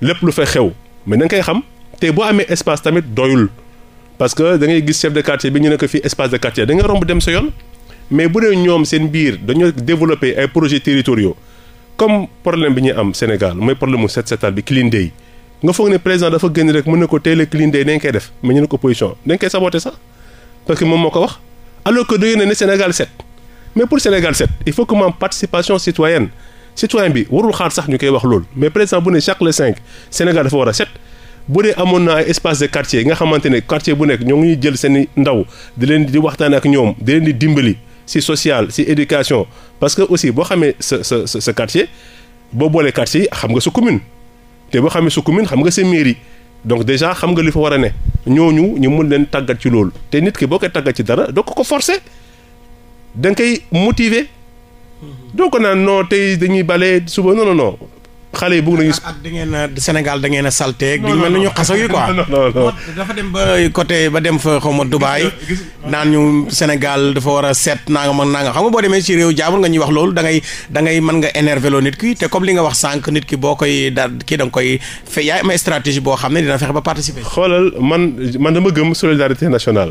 lépp lu fa xew mais da koy xam te boo amee espace tamit doyul parce que da ngay gis chef bi ñu ne fii espace de quartier da dem sa yoon mais bu dee ñoom seen biir dañoo développer ay projets territoriaux comme problème bi ñu am Sénégal mais problème mu set setal bi clean day nga foog ne président dafa gën rek mën na ko teel a clean day koy def mais ñu ne ko opposition dañ koy saboter sax parce que moom moo ko wax alors que dégg na ne Sénégal set mais pour Sénégal set il faut que mu am participation citoyenne citoyen bi warul xaar sax ñu koy wax loolu mais président bu ne chaque le cinq Sénégal dafa war a amoon naa ay espace de quartier nga xamante ne quartier bu nekk ñoo ngi jël seen i ndaw di leen di waxtaan ak ñoom di di dimbali. si social si éducation parce que aussi boo xamee sa sa sa quartier boo boolee quartier yi xam nga sa commune te boo xamee sa commune xam nga sa mairie donc déjà xam nga li fa war a ne ñooñu ñu mun leen tàggat ci loolu te nit ki boo koy tàggat ci dara doo ko ko forcer da nga koy motiver mm-hmm. doo ko naan non tey dañuy bale suba non non non xale yi bëgg nañu. ak da ngeen a Sénégal da ngeen a salté. non non non yi quoi. dafa dem ba côté ba dem fa xaw ma Dubaay. naa ñu Sénégal dafa war a seet naa nga mën naa nga xam nga boo demee si réew jaamur nga ñuy wax loolu da ngay mën nga énervé loo nit ki te comme li nga wax sànq nit ki boo koy da kii danga koy fe yaay am stratégie boo xam ne dina fexe ba participer. xoolal man man dama gëm solidarité national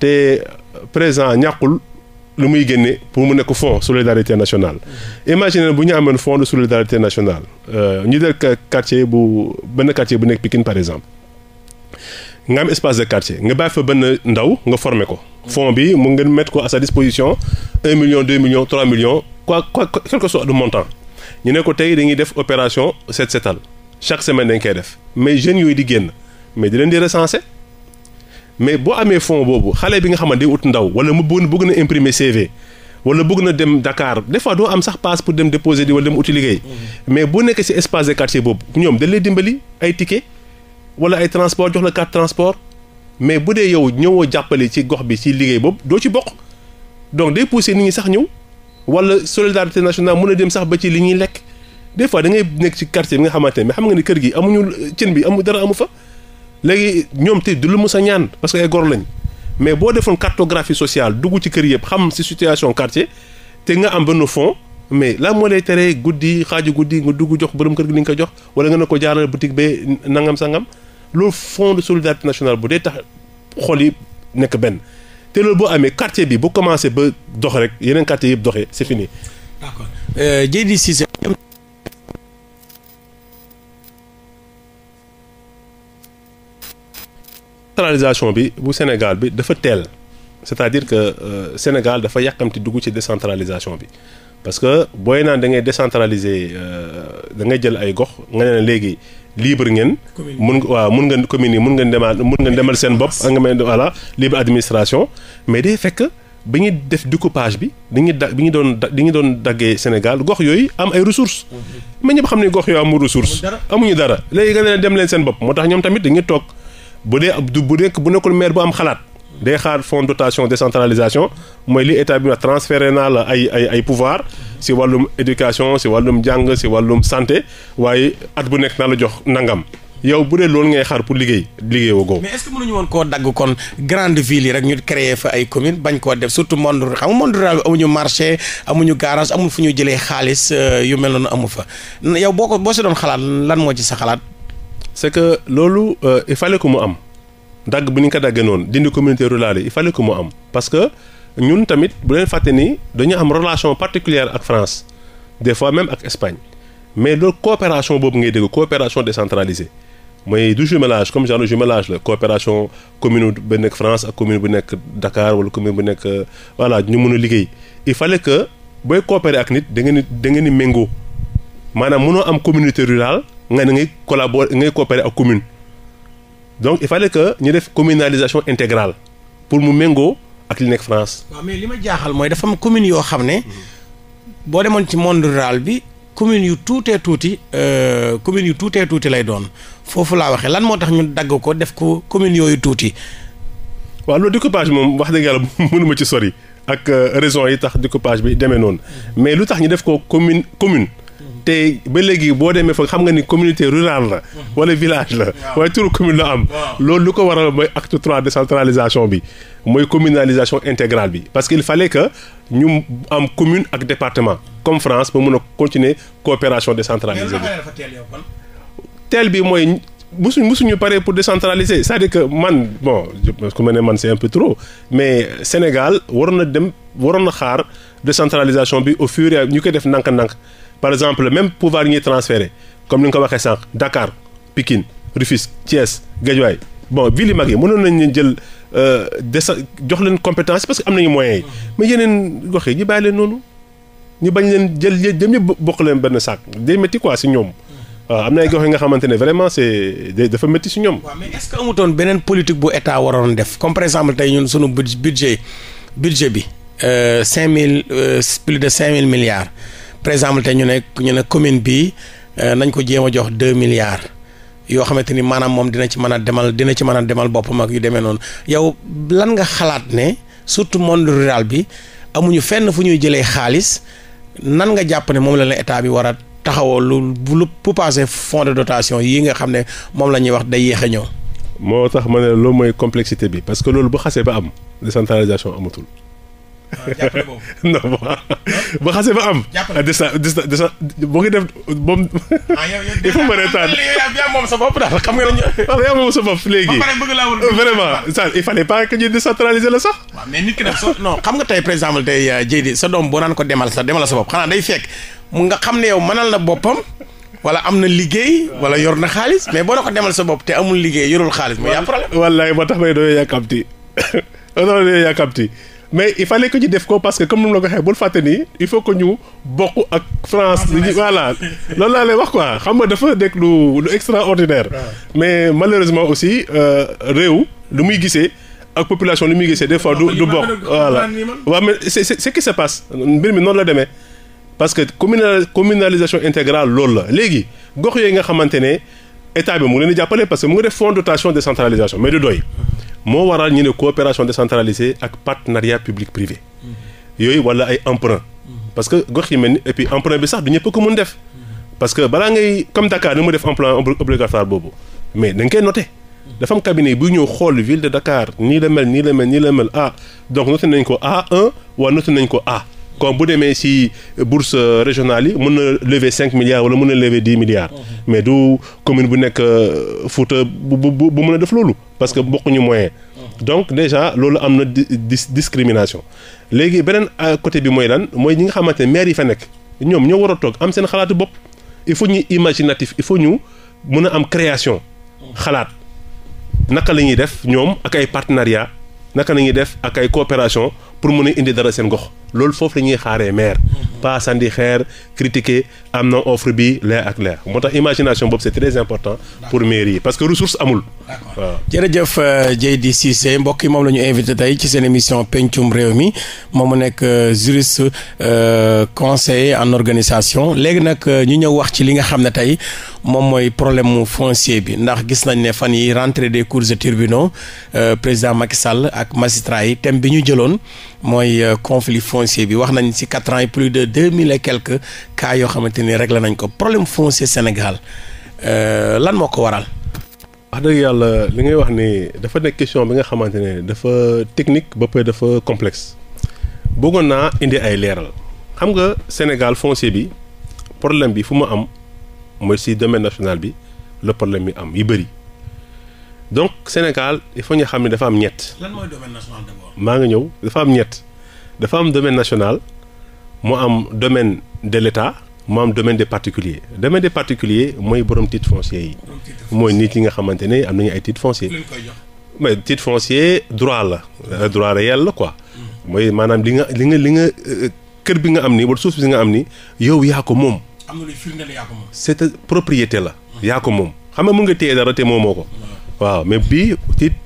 te présent ñàkkul. lu muy génne pour mu nekk fonds solidarité nationale imagine bu ñu amoon fonds de solidarité nationale euh, ñu del quartier bu benn quartier bu nekk Pikine par exemple nga am espace de quartier nga bàyyi fa benn ndaw nga former ko fond bi mu ngeen mettre ko à sa disposition un million deux millions trois millions quoi quoi quel que soit le montant ñu ne ko tey dañuy def opération set setal chaque semaine dañ koy def mais jeunes yooyu di génn mais di leen di recenser mais boo amee fond boobu xale bi nga xamante day ut ndaw wala mu bëgg na imprimer CV wala bëgg na dem Dakar des fois doo am sax passe pour dem déposé di wala dem uti liggéey mhm. mais boo nekkee ci espace de quartier boobu ñoom dañ dimbali ay ticket wala ay transport jox la carte transport mais bu dee yow ñëwoo jàppale ci gox bi ci liggéey boobu doo ci bokk donc day pousser nit ñi sax ñëw wala solidarité nationale mën a dem sax ba ci li ñuy lekk des fois da ngay nekk ci quartier bi nga xamante ne xam nga ni kër gi amuñu cin bi amu dara amu fa léegi ñoom tey du lu mu sa ñaan parce que gor lañ mais boo defoon cartographie sociale dugg ci kër yëpp xam si situation quartier te nga am benn fond mais la moo lay teree guddi xaaju guddi nga dugg jox borom kër gi li nga ko jox wala nga ne ko jaaral boutique bee nangam sangam loolu fond de solidarité nationale bu dee tax xol yi nekk benn te loolu boo amee quartier bi bu commencé ba dox rek yeneen quartier yëpp doxee c'est fini. d'accord Dieydi euh, Cissé décentralisation bi bu Sénégal bi dafa teel c'est-à-dire que euh, Sénégal dafa yàqamti dugg ci décentralisation bi parce que booy naan da ngay décentraliser euh, da ngay jël ay gox nga ne léegi libre ngeen. mun nga waaw mun nga commune yi mun nga demal mun nga demal seen bopp. nga mel ne voilà libre administration. mais day fekk bi ñuy def découpage bi dañuy da bi ñu doon da ñu doon daggee Sénégal gox yooyu am ay ressources. Mhm. mais ñëpp xam ne gox yooyu amul ressource. amuñu dara léegi nga ne dem leen seen bopp moo tax ñoom tamit dañuy toog. bu dee du bu nekk bu nekkul maire bu am xalaat day xaar fonds dotation décentralisation mooy li état bi na transféré naa la ay ay ay pouvoir si wàllum éducation si wàllum jàng si wàllum santé waaye at bu nekk naa la jox nangam yow bu dee loolu ngay xaar pour liggéey liggéey woo mais est-ce que woon koo dagg kon grande ville yi rek ñu créer fa ay commune bañ koo def surtout monde xam nga monde rural amuñu marché amuñu garage amuñu fu ñu jëlee xaalis euh, yu mel noonu amu fa yow boo boo si doon xalaat lan moo ci sa xalaat c'est que loolu euh, il fallait que mu am dagg bu ñu ko daggee noonu dindi communauté rurale yi il fallait mu am parce que ñun tamit bu leen fàtte ni dañu am relation particulière ak France des fois même ak Espagne mais loolu coopération boobu ngay dégg coopération décentralisée mooy du jumelage comme genre jumelage la coopération commune bu nekk France ak commune bu nekk Dakar wala commune bu nekk euh, voilà ñu mën a liggéey il fallait que booy coopérer ak nit da ngeen di da ngeen méngoo maanaam mënoo am communauté rurale nga ne ngay collaborer ngay coopérer ak commune donc il fallait que ñu def communalisation intégrale pour mu méngoo ak li nekk France. waaw mais li ma jaaxal mooy dafa am commune yoo xam ne boo demoon ci monde rural bi commune yu tuutee tuuti euh, commune yu tuutee tuuti lay doon foofu laa waxee lan moo tax ñu dagg ko def ko commune yooyu tuuti. waaw loolu découpage moom wax dëgg yàlla mënuma ci sori ak euh, raison yi tax découpage bi demee noonu mais lu tax ñu def ko commune commune. te ba léegi boo demee fa xam nga ni communauté rurale la wala village la waaye turu commune la am loolu lu ko waral mooy acte trois décentralisation bi mooy communalisation intégrale bi parce que il fallait que ñu am commune ak département comme France ba mun a continuer coopération décentralisée bi teel bi mooy musuñ musuñu pare pour décentraliser c'est-à-dire que man bon ku ma man c'est un peu mais Sénégal waroon na dem waroon na xaar décentralisation bi au fur ñu koy def ndànk-ndànk par exemple même pouvoir ñuy transférer comme ni nga ko waxee sànq Dakar Pikine Rufisque Thiès Guédiawaye bon ville yu mag yi mënoon nañ leen jël euh, desa jox leen compétence parce que am nañu moyens yi mais yeneen gox yi ñu bàyyi leen noonu ñu bañ leen jël jëm yëpp bokk leen benn saak day métti quoi si ñoom. am na ay gox yi nga xamante ne vraiment c'est dafa metti si ñoom. waaw mais beneen politique bu état waroon def comme par exemple tey ñun sunu budget budget bi euh, cinq mille euh, plus de cinq mille milliards. par exemple te ñu ne ñu ne commune bi euh, nañ ko jéem a jox deux milliards yoo xamante ni maanaam moom dina ci mën a demal dina ci mën a demal boppam ak yu demee noonu yow lan nga xalaat ne surtout monde rural bi amuñu fenn fu ñuy jëlee xaalis nan nga jàpp ne moom la la état bi war a lu lu pour passer fonds de dotation yi nga xam ne moom la ñuy wax day yéex a ñëw. moo tax ma ne loolu mooy complexité bi parce que loolu bu xasee ba am décentralisation amatul. jàppale boobu. non ba xase ba am. jàppale ah, des na des na ngi def moom. ah yow yow il faut ma sa bopp daal xam nga ne. waaw ah, yaa moom sa bopp léegi. ba pare bëgg laa woon vraiment ça il fallait pas que ñu la sax. waaw mais nit xam nga tey par exemple tey Dieydi euh, sa doom boo naan ko demal sa demal sa bopp xanaa day fekk mu nga xam ne yow manal na boppam. wala am na liggéey wala yor na xaalis mais boo na ko demal sa bopp te amul liggéey yorul xaalis. mais y' a problème. wallaay moo tax may doon yàkkamti. mais il fallait que ñu def ko parce que comme moom la ko waxee bul fàtte nii il faut que ñu bokk ak France voilà loolu laa lay wax quoi xam nga dafa nekk lu lu extraordinaire mais malheureusement aussi euh, réew lu muy gisee ak population lu muy gisee des fois du du bokk mais ce qui se passe mbir mi noonu la demee parce que communal communalisation intégrale loolu la léegi gox yooyu nga xamante ne état bi mu ngi leen di jàppale de dotation décentralisation mais du doy moo waral ñu ne coopération décentralisée ak partenariat public privé yooyu wala ay emprunt parce que gox yi mel ni et puis emprunt bi sax du ñëpp ko mën def parce que balaa ngay comme Dakar ni mu def emprunt obligatoire boobu mais da koy note dafa am cabinet yi buy ñëw xool ville de Dakar nii la mel nii la mel nii la mel ah donc noté nañ ko A1 wala noté nañ ko A comme bu demee si bourse régionale yi mën na lever cinq milliards wala mën na lever dix milliards. mais du commune bu nekk euh, Fouta bu bu bu mën a def loolu. parce que ñu moyen. donc déjà loolu am na dis discrimination. léegi beneen euh, côté bi mooy lan mooy ñi nga xamante ne maire yi fa nekk ñoom ñoo war a toog am seen xalaatu bopp il faut ñu imaginatif il faut ñu mën a am création. xalaat naka la ñuy def ñoom ak ay partenariat naka nañuy def ak ay coopération pour mun a indi dara seen gox loolu foofu la ñuy xaaree maire pas sandi xeer critiquer am na offre bi leer ak leer moo tax imagination boobu c'est très important pour maire yi parce que ressource amul waaw jërëjëf Dieydi euh, Cissé mbokk yi moom la ñu invité tey ci seen émission pencum réew mi moom mu nekk euh, juriste euh, conseiller en organisation léegi nag ñu ñëw wax ci li nga xam ne tey moom mooy problème mu foncier bi ndax gis nañ ne fan yi rentrée des cours de tribunaux euh, président Macky Sall ak magistrat yi thème bi ñu jëloon mooy euh, conflit foncier bi wax nañ ci quatre ans et plus de deux mille et quelques yoo xamante ni réglé nañ ko problème foncier Sénégal euh, lan moo ko waral. wax dëgg yàlla li ngay wax ni dafa nekk question bi nga xamante ne dafa technique ba pare dafa complexe bëggoon naa indi ay leeral xam nga Sénégal foncier bi problème bi fu mu am mooy si domaine nationale bi le problème yi am yi bëri donc Sénégal il faut ñu xam ne dafa am ñett. lan mooy domaine national d'abord. maa ngi ñëw dafa am ñett dafa am domaine national moo am domaine de l'État mu am domaine des particuliers domaine des particuliers mooy borom titre foncier yi. mooy nit yi nga xamante ne am nañu ay titre foncier. mais titre foncier droit la euh, droit réel la quoi. Mm. mooy maanaam li nga li nga li nga euh, kër bi nga am ni wala suuf bi nga am ni yow yaa ko moom. am na luy firndeel yaa ko moom. c'est propriété la. yaa ko moom xam nga mën nga téye dara te moomoo ko. waaw mais bii titre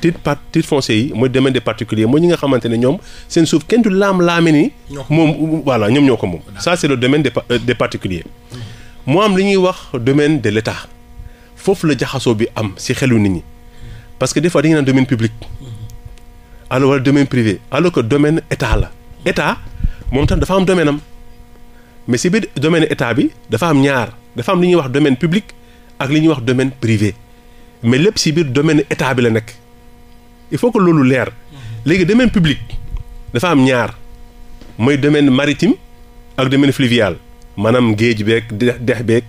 titre part titre yi mooy domaine des particuliers mooy ñi nga xamante ne ñoom seen suuf kenn du laam-laame ni. moom voilà ñoom ñoo ko moom. ça c'est le domaine des euh, des particuliers. am li ñuy wax domaine de l'État foofu la jaxasoo bi am ci xelu nit ñi parce que des fois dañu naan domaine public. Mm-hmm. alors wala domaine privé alors que domaine état la mm-hmm. état moom tam dafa am domaine mais si biir domaine état bi dafa am ñaar dafa am li ñuy wax domaine public ak li ñuy wax domaine privé mais lépp si biir domaine état bi la nekk il faut que loolu leer léegi domaine public dafa am ñaar mooy domaine maritime ak domaine fluvial maanaam géej beeg dex beeg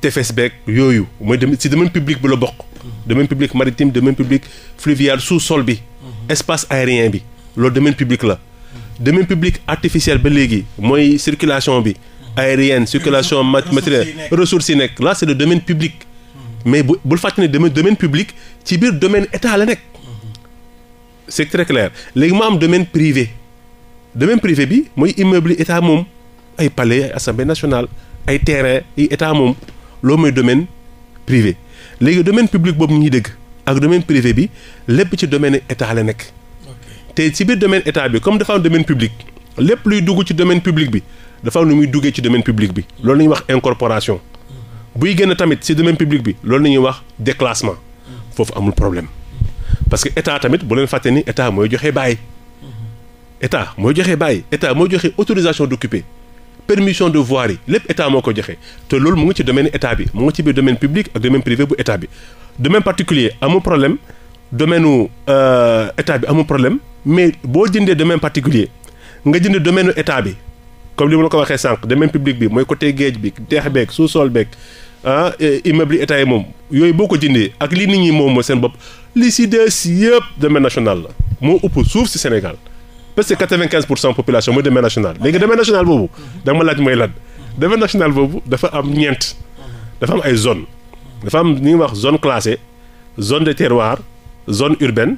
tefes beeg yooyu mooy dem si domaine public bi la bokk. domaine public maritime domaine public fluvial sous sol bi. Mhm. espace aérien bi loolu domaine public la. domaine public artificiel ba léegi mooy circulation bi aérienne circulation matériel ressources yi nekk la c'est le domaine public mais bu bul fàtte ne domaine domaine public ci biir domaine état la nekk c'est très léegi mu am domaine privé domaine privé bi mooy immeuble état moom ay palais ay assemblée nationale ay terrain ay état moom loolu mooy domaine privé léegi domaine public boobu ñuy dégg ak domaine privé bi lépp ci domaine état la nekk te ci biir domaine état bi comme dafa am domaine public lépp luy dugg ci domaine public bi dafa lu muy duggee ci domaine public bi loolu la ñuy wax incorporation buy génn tamit ci domaine public bi loolu la ñuy wax déclassement foofu amul problème parce que état tamit bu leen fàtte ni état mooy joxee bàyyi état mooy joxe bàyyi état mooy joxe autorisation d'occuper permission de voirie yi lépp état moo ko joxe te loolu mu ngi ci domaine état bi mu ngi ci biir domaine public ak domaine privé bu état bi problème domaine u euh, état bi amul problème mais boo jëndee domaine particulier nga jënd domaine état bi comme li mu la ko waxee sànq domaine public bi mooy côté géej bi deex beeg sous-sol beeg ah euh, immeuble yi état yi moom yooyu boo ko jëndee ak li nit ñi moom mooy seen bopp li si des yëpp domaine national la moo ëpp suuf si Sénégal parce que quatre-vingt-quinze pour cent population mooy domaine national léegi domaine national boobu da nga boobu dafa am ñeent dafa am ay zone dafa am li wax zone classée zone de terroir zone urbaine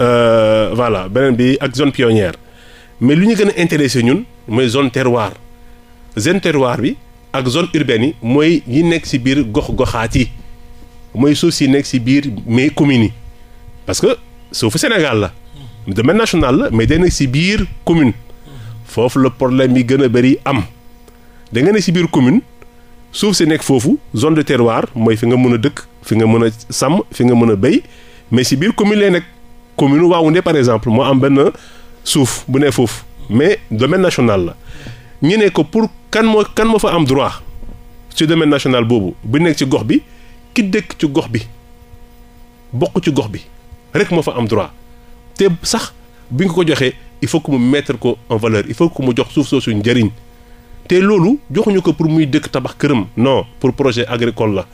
euh, voilà beneen bi ak zone pionnière mais lu ñu gën a intéressé ñun mooy zone terroir zone terroir bi ak zone urbaine yi mooy yi nekk ci biir gox-goxaat yi mooy suuf si nekk ci biir mais communes yi parce que suufu Sénégal la domaine national la mais day nekk ci biir commune foofu la problème yi gën a bëri am da nga ne ci biir commune suuf si nekk foofu zone de terroir mooy fi nga mën a dëkk fi nga mën a sàmm fi nga mën a béy mais si biir commune lay nekk commune waa Waoundé par exemple moo am benn suuf bu nee foofu mais domaine national la ñu ne ko pour kan moo kan moo fa am droit ci domaine national boobu bu nekk ci gox bi ki dëkk ci gox bi bokk ci gox bi rek moo fa am droit te sax bi nga ko joxee il faut que mu mettre ko en valeur il faut que mu jox suuf soosu njëriñ te loolu joxuñu ko pour muy dëkk tabax këram non pour projet agricole la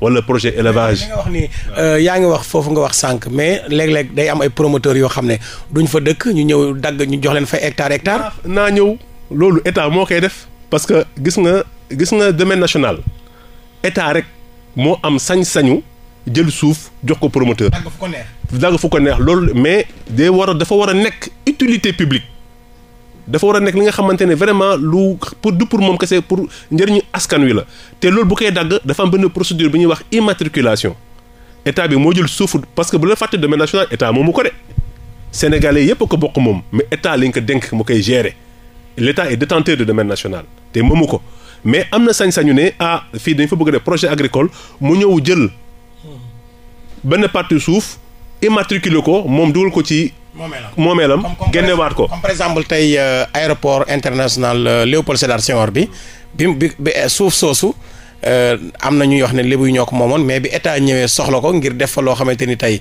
wala projet élevage. li nga wax euh, yaa ngi wax foofu nga wax sànq mais léeg-léeg day am ay promoteurs yoo xam ne duñ fa dëkk ñu ñëw dagg ñu jox leen fa hectare hectare. naa ñëw loolu état moo koy def parce que gis nga gis nga domaine national état rek moo am sañ-sañu jël suuf jox ko promoteur. dagg fu ko neex dagg fu ko neex loolu mais day war dafa war a nekk utilité publique. dafa war a nekk li nga xamante ne vraiment lu pour du pour moom kese pour njëriñu askan wi la te loolu bu koy dagg dafa benn procédure bi ñuy wax immatriculation état bi moo jël suufu parce que bu la fàtte domaine national état moomu ko de sénégalais yépp ko bokk moom mais état lañ ko dénk mu koy gérer l' état est détenteur domaine national te moomu ko mais am na sañ-sañu ne ah fii dañ fa bëgg def projet agricole mu ñëw jël benn partie suuf immatriculé ko moom dugal ko ci. moomeelam génnewaat ko comme par exemple tey euh, aéroport international euh, Léopold Sédar Senghor bi bi bi euh, suuf soosu am na ñu wax ne lébu yu ñoo ko moomoon mais bi état ñëwee soxla ko ngir def fa loo xamante ni tey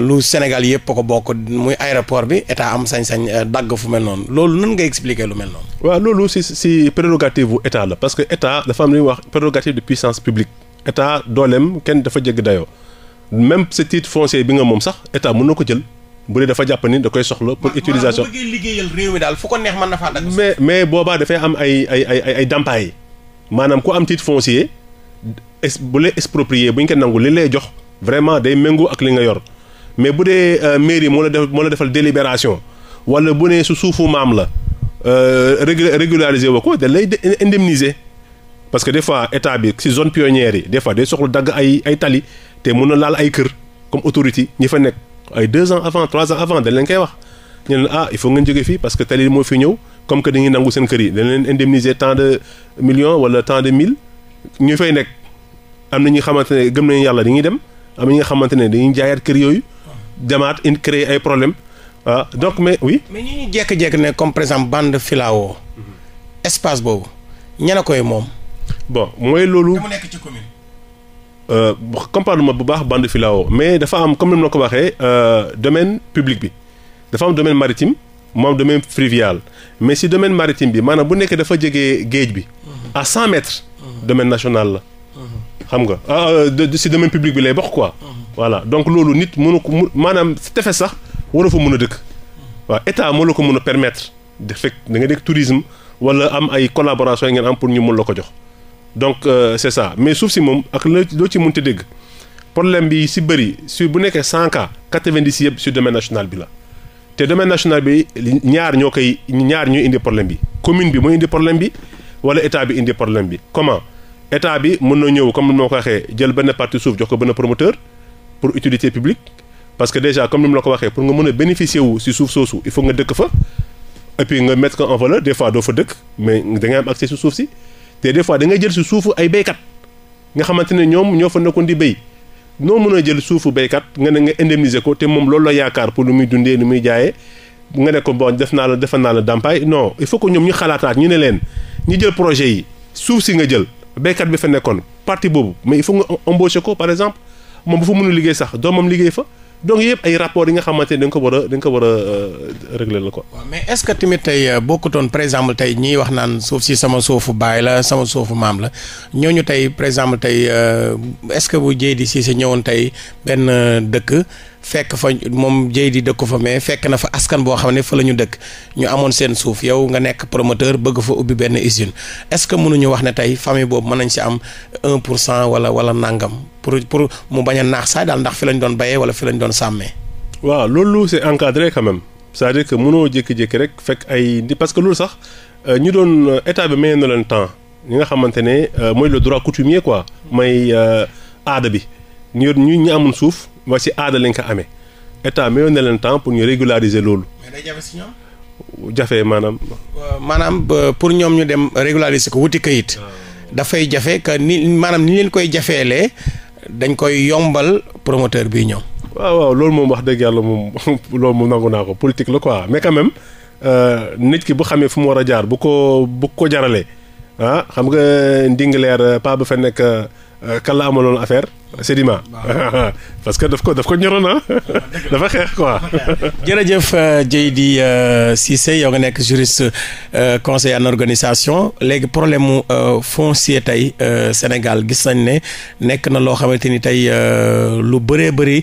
lu Sénégal yëpp ko bokk muy aéroport bi état am sañ-sañ dagg fu mel noonu loolu nan ngay expliquer lu mel noonu. waaw loolu si si prérogative bu état la parce que état dafa am lu ñuy wax prérogative de puissance publique état dooleem kenn dafa jégg dayoo même ce titre foncier bi nga moom sax état mën na ko jël. bu dee dafa jàpp ni da koy soxla pour utilisation liggéeyal réew mi daal fu ko neex mën na mais mais boobaa dafay am ay ay ay ay dàmpaay maanaam ku am titre foncier es bu lay exproprié bu ñu ko nangu li lay jox vraiment day méngoo ak li nga yor mais bu dee euh, mairie moo la def moo la defal délibération wala bu nee su suufu maam la euh, régulariser woo ko da lay indemniser parce que des fois état bi ci zone pionnière yi des fois day soxla dagg ay ay tali te mun na laal ay kër comme autorité ñi fa nekk ay deux ans avant trois ans avant dañ leen koy wax ñu leen ah il faut ngeen jóge fii parce que tali moo fi ñëw comme que dañuy nangu seen kër yi dañ leen indemniser tant de millions wala tant de mille ñu fay nekk am na ñu xamante ne gëm nañu yàlla dañuy dem am na ñi nga xamante ne dañuy jaayaat kër yooyu demaat in créer ay problème ah donc mais oui. mais ñi ñu jékki-jékki ne comme par exemple bande filao mhm. espace boobu ña la koy moom. bon mooy loolu. mu ci commune. Euh, comprendre ma bu baax bande filao mais dafa am comme ni ma ko waxee euh, domaine public bi dafa am domaine maritime mu am domaine fluvial mais si domaine maritime bi maanaam bu nekkee dafa jege géej bi. à cent mètres. domaine national la. xam nga ah, euh, si domaine public bi lay bokk quoi. voilà donc loolu nit mënu ko mu maanaam tefes sax war a fa mun a dëkk. waa état moo la ko mën a permettre de fekk da nga nekk tourisme wala am ay collaboration yi ngeen am pour ñu mën la ko jox. donc euh, c'est ça mais suuf si moom ak loo ci mun mënti dégg problème bi si bëri su bu nekkee 100 cas 90 yëpp sur domaine national bi la te domaine national bi ñaar ñoo koy ñaar ñoo indi problème bi commune bi moo indi problème bi wala état bi indi problème bi comment état bi mën na ñëw comme ni ma ko waxee jël benn partie suuf jox ko benn promoteur pour utilité publique parce que déjà comme ni ma ko waxee pour nga mën a bénéficier wu si suuf soosu il faut nga dëkk fa et puis nga mettre ko en valeur des fois doo fa dëkk mais da am accès si suuf si te des fois da ngay jël si suufu ay béykat nga xamante ne ñoom ñoo fa nekkoon di béy noo mën a jël suufu béykat nga ne nga indemniser ko te moom loolu la yaakaar pour muy dundee lu muy jaayee nga ne ko bon def naa la defal naa la dàmpaay non il faut que ñoom ñu xalaataat ñu ne leen ñu jël projet yi suuf si nga jël béykat bi fa nekkoon parti boobu mais il faut nga embaucher ko par exemple moom bu fa mënul liggéey sax doomam liggéey fa donc yëpp ay rapport yi nga xamante ni da ko war a da ko war a euh, régler la ko waaw mais est ce que tamit tey euh, bokkutoon par exemple tey ñiy wax naan suuf si sama suufu baay la sama suufu maam la ñooñu tey par exemple tey euh, est ce que bu si si ñëwoon tey benn dëkk fekk fa moom jëy di dëkku fa mais fekk na fa askan boo xam ne fa la ñu dëkk ñu amoon seen suuf yow nga nekk promoteur bëgg fa ubbi benn usine est-ce que mënuñu wax ne tey famille boobu mën nañ si am un pour cent wala wala nangam pour pour mu bañ a naax saay daal ndax fi lañ doon béyee wala fi lañ doon sàmmee. waaw loolu c'est encadré quand même c'est-à-dire que mënoo jékki-jékki rek fekk ay parce que loolu sax euh, ñu doon euh, état bi mayoon na leen temps ñi nga xamante ne euh, mooy le droit coutumier quoi. mooy aada bi ñu ñu amoon suuf. waaye si aada lañ ko amee état mayoon na leen temps pour ñu régulariser loolu. mais jafe si maanaam. Euh, maanaam euh, pour ñoom ñu dem régulariser ko wuti kayit. Ah. dafay jafe ka ni maanaam ni leen koy jafeele dañ koy yombal promoteur bi ñëw. waaw waaw loolu moom wax dëgg yàlla moom loolu moom nangu naa ko politique la quoi mais quand même euh, nit ki bu xamee fu mu war a jaar bu ko bu ko jaralee ah xam nga ndingaleer paa ba fa nekk kan la amaloon affaire. Sedima parce que daf ko daf ko ñoroon ah. ah dafa xeex quoi. jërëjëf Dieydi euh, euh, Cissé yow nga nekk juriste euh, conseil en organisation léegi problème mu foncier tey Sénégal gis nañ ne nekk na loo xamante ni tey lu bëree bëri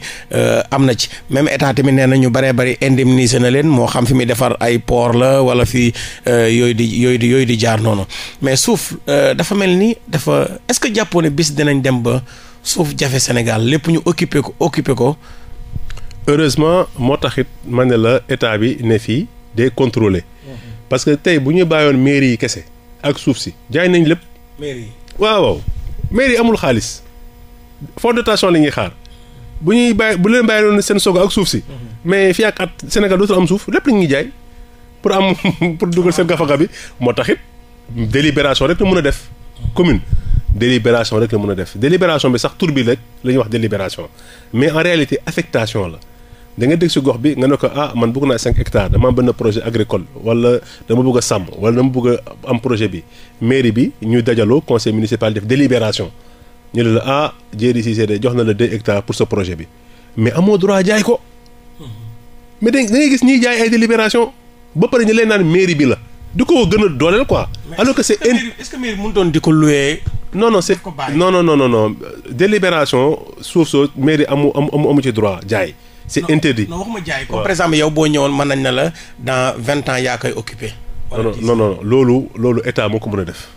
am na ci même état tamit nee na ñu bëree bëri indemniser na leen moo xam fi muy defar ay port la wala fi yooyu di yooyu di yooyu di jaar noonu mais suuf dafa mel ni dafa est-ce que jàppoo ne bis dinañ dem ba. suuf jafe Sénégal lépp ñu occupé ko occupé ko. heureusement moo taxit ma ne la état bi ne fii day contrôler mhm. parce que tey bu ñu bàyyoon mairie yi kese ak suuf si jaay nañ lépp. mairie yi waaw waaw mairie amul xaalis fond de dotation la ñuy xaar bu ñuy bàyyi bu leen bàyyiloon seen sogo ak suuf si. Mhm. mais fii ak at Sénégal dootul am suuf lépp la ngi jaay pour am pour dugal seen gafaga bi moo taxit délibération rek la mën a def commune. délibération rek la mën a def délibération bi sax tur bi rek la ñuy wax délibération mais en réalité affectation la da nga dégg si gox bi nga ne ko ah man bugg naa cinq hectares dama am projet agricole wala dama bëgg sàmm wala dama bëgg am projet bi mairie bi ñu dajaloo conseil municipal def délibération ñu ne la ah Diéry Cissé de jox na la deux hectares pour sa projet bi mais amoo droit jaay ko mhm. mais da ngay gis ñiy jaay ay délibération ba pare ñu leen naan mairie bi la di ko gën a dooleel quoi. alors que c' est est ce que mairie di ko loué. non non c' est non non non non délibération suuf soo mairie amu amu amu ci droit jaay. c' est interdit non waxuma jaay comme par exemple yow boo ñëwoon man nañ na la dans vingt ans yaa koy occupé. non noonu loolu loolu état moo ko mun a def.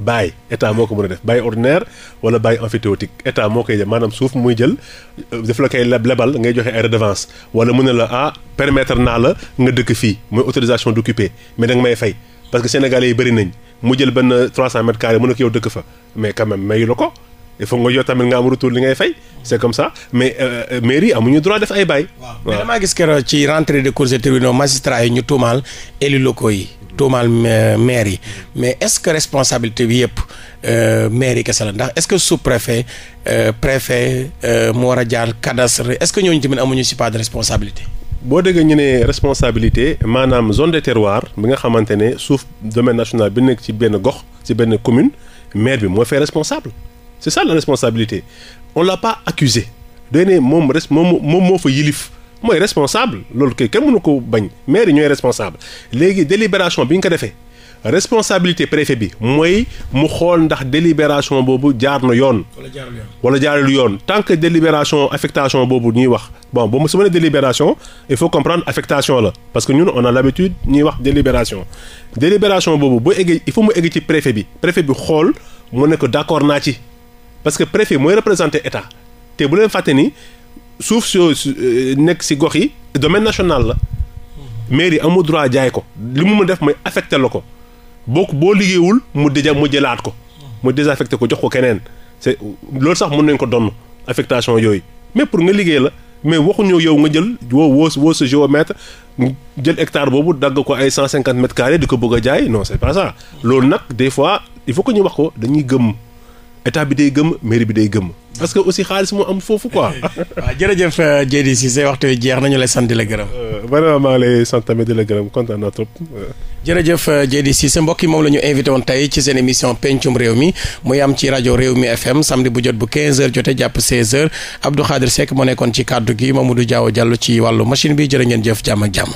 baay état moo ko mën a def bail ordinaire wala bail emphytéotique état moo koy jël maanaam suuf muy jël euh, daf la koy lebal ngay joxe ay redevance wala mu ne la ah permettre naa la nga dëkk fii mooy autorisation d'occuper mais da nga may fay parce que sénégalais yi bëri nañ mu jël benn 300 mètres carrés mu ne ko yow dëkk fa mais quand même mayu la ko il faut nga jot tamit nga am retour li ngay fay c'est comme ça mais euh, euh, mairie amuñu droit def ay bail. waaw mais damaa gis keroog ci rentrée de cours et tribunaux magistrats yi ñu tuumaal élus locaux yi. tuumaal euh, maire yi mais est-ce que responsabilité bi yëpp maire yi kese la ndax est-ce que sous-préfet préfet mu war a jaar cadastre est-ce que ñooñu tamit amuñu si pas de responsabilité. boo degee ñu ne responsabilité maanaam zone de terroir bi nga xamante ne suuf domaine national bi ci benn gox ci benn commune maire bi moo fay responsable. c'est ça la responsabilité on l'a pas accusé day ne moom moo fa yilif mooy responsable loolu kay kenn mënu ko bañ maire ñooy responsable léegi délibération bi ñu ko defee responsabilité préfet bi mooy mu xool ndax délibération boobu jaar na yoon. wala jaarul yoon wala jaarul yoon tant que délibération affectation boobu ñuy wax bon ba mu su ma nee délibération il faut comprendre affectation la parce que ñun on a l'habitude ñuy wax délibération. délibération boobu bu eggee il faut mu ci préfet bi préfet bi xool mu ne ko d'accord naa ci. parce que préfet mooy représenté état te bu leen fàtte ni suuf soo euh, nekk si gox yi domaine national la mairie amul droit jaay ko li mu ma def mooy affecté la ko boo boo liggéeyul mu dëja mu jëlaat ko mu désaffecté ko jox ko keneen c'est loolu sax mën nañ ko donn affectation yooyu mais pour nga liggéey la mais waxuñu yow nga jël woo woo woo sa géomètre jël hectare boobu dagg ko ay cent cinquante mètres di ko bëgg a jaay non c'est pas ça loolu nag des fois il faut ñu wax ko dañuy gëm état bi day gëmm mairie bi day gëmm parce que aussi xaalis mu am foofu quoi. waaw jërëjëf euh, Dieydi Cissé waxtu wi jeex nañu lay sant di la gërëm. Euh, vraiment maa ngi lay sant tamit di la gërëm kontaan naa trop. Euh. jërëjëf Dieydi Cissé mbokk mbokki moom la ñu invité woon ci seen émission pencum réew mi muy am ci rajo réew mi FM samedi bu jot bu 15h jotee jàpp 16h Abdou Khadir Seck moo nekkoon ci kàddu gi Mamadou Diaw Diallo ci wàllu machine bi jërë ngeen jëf jàmm ak jàmm.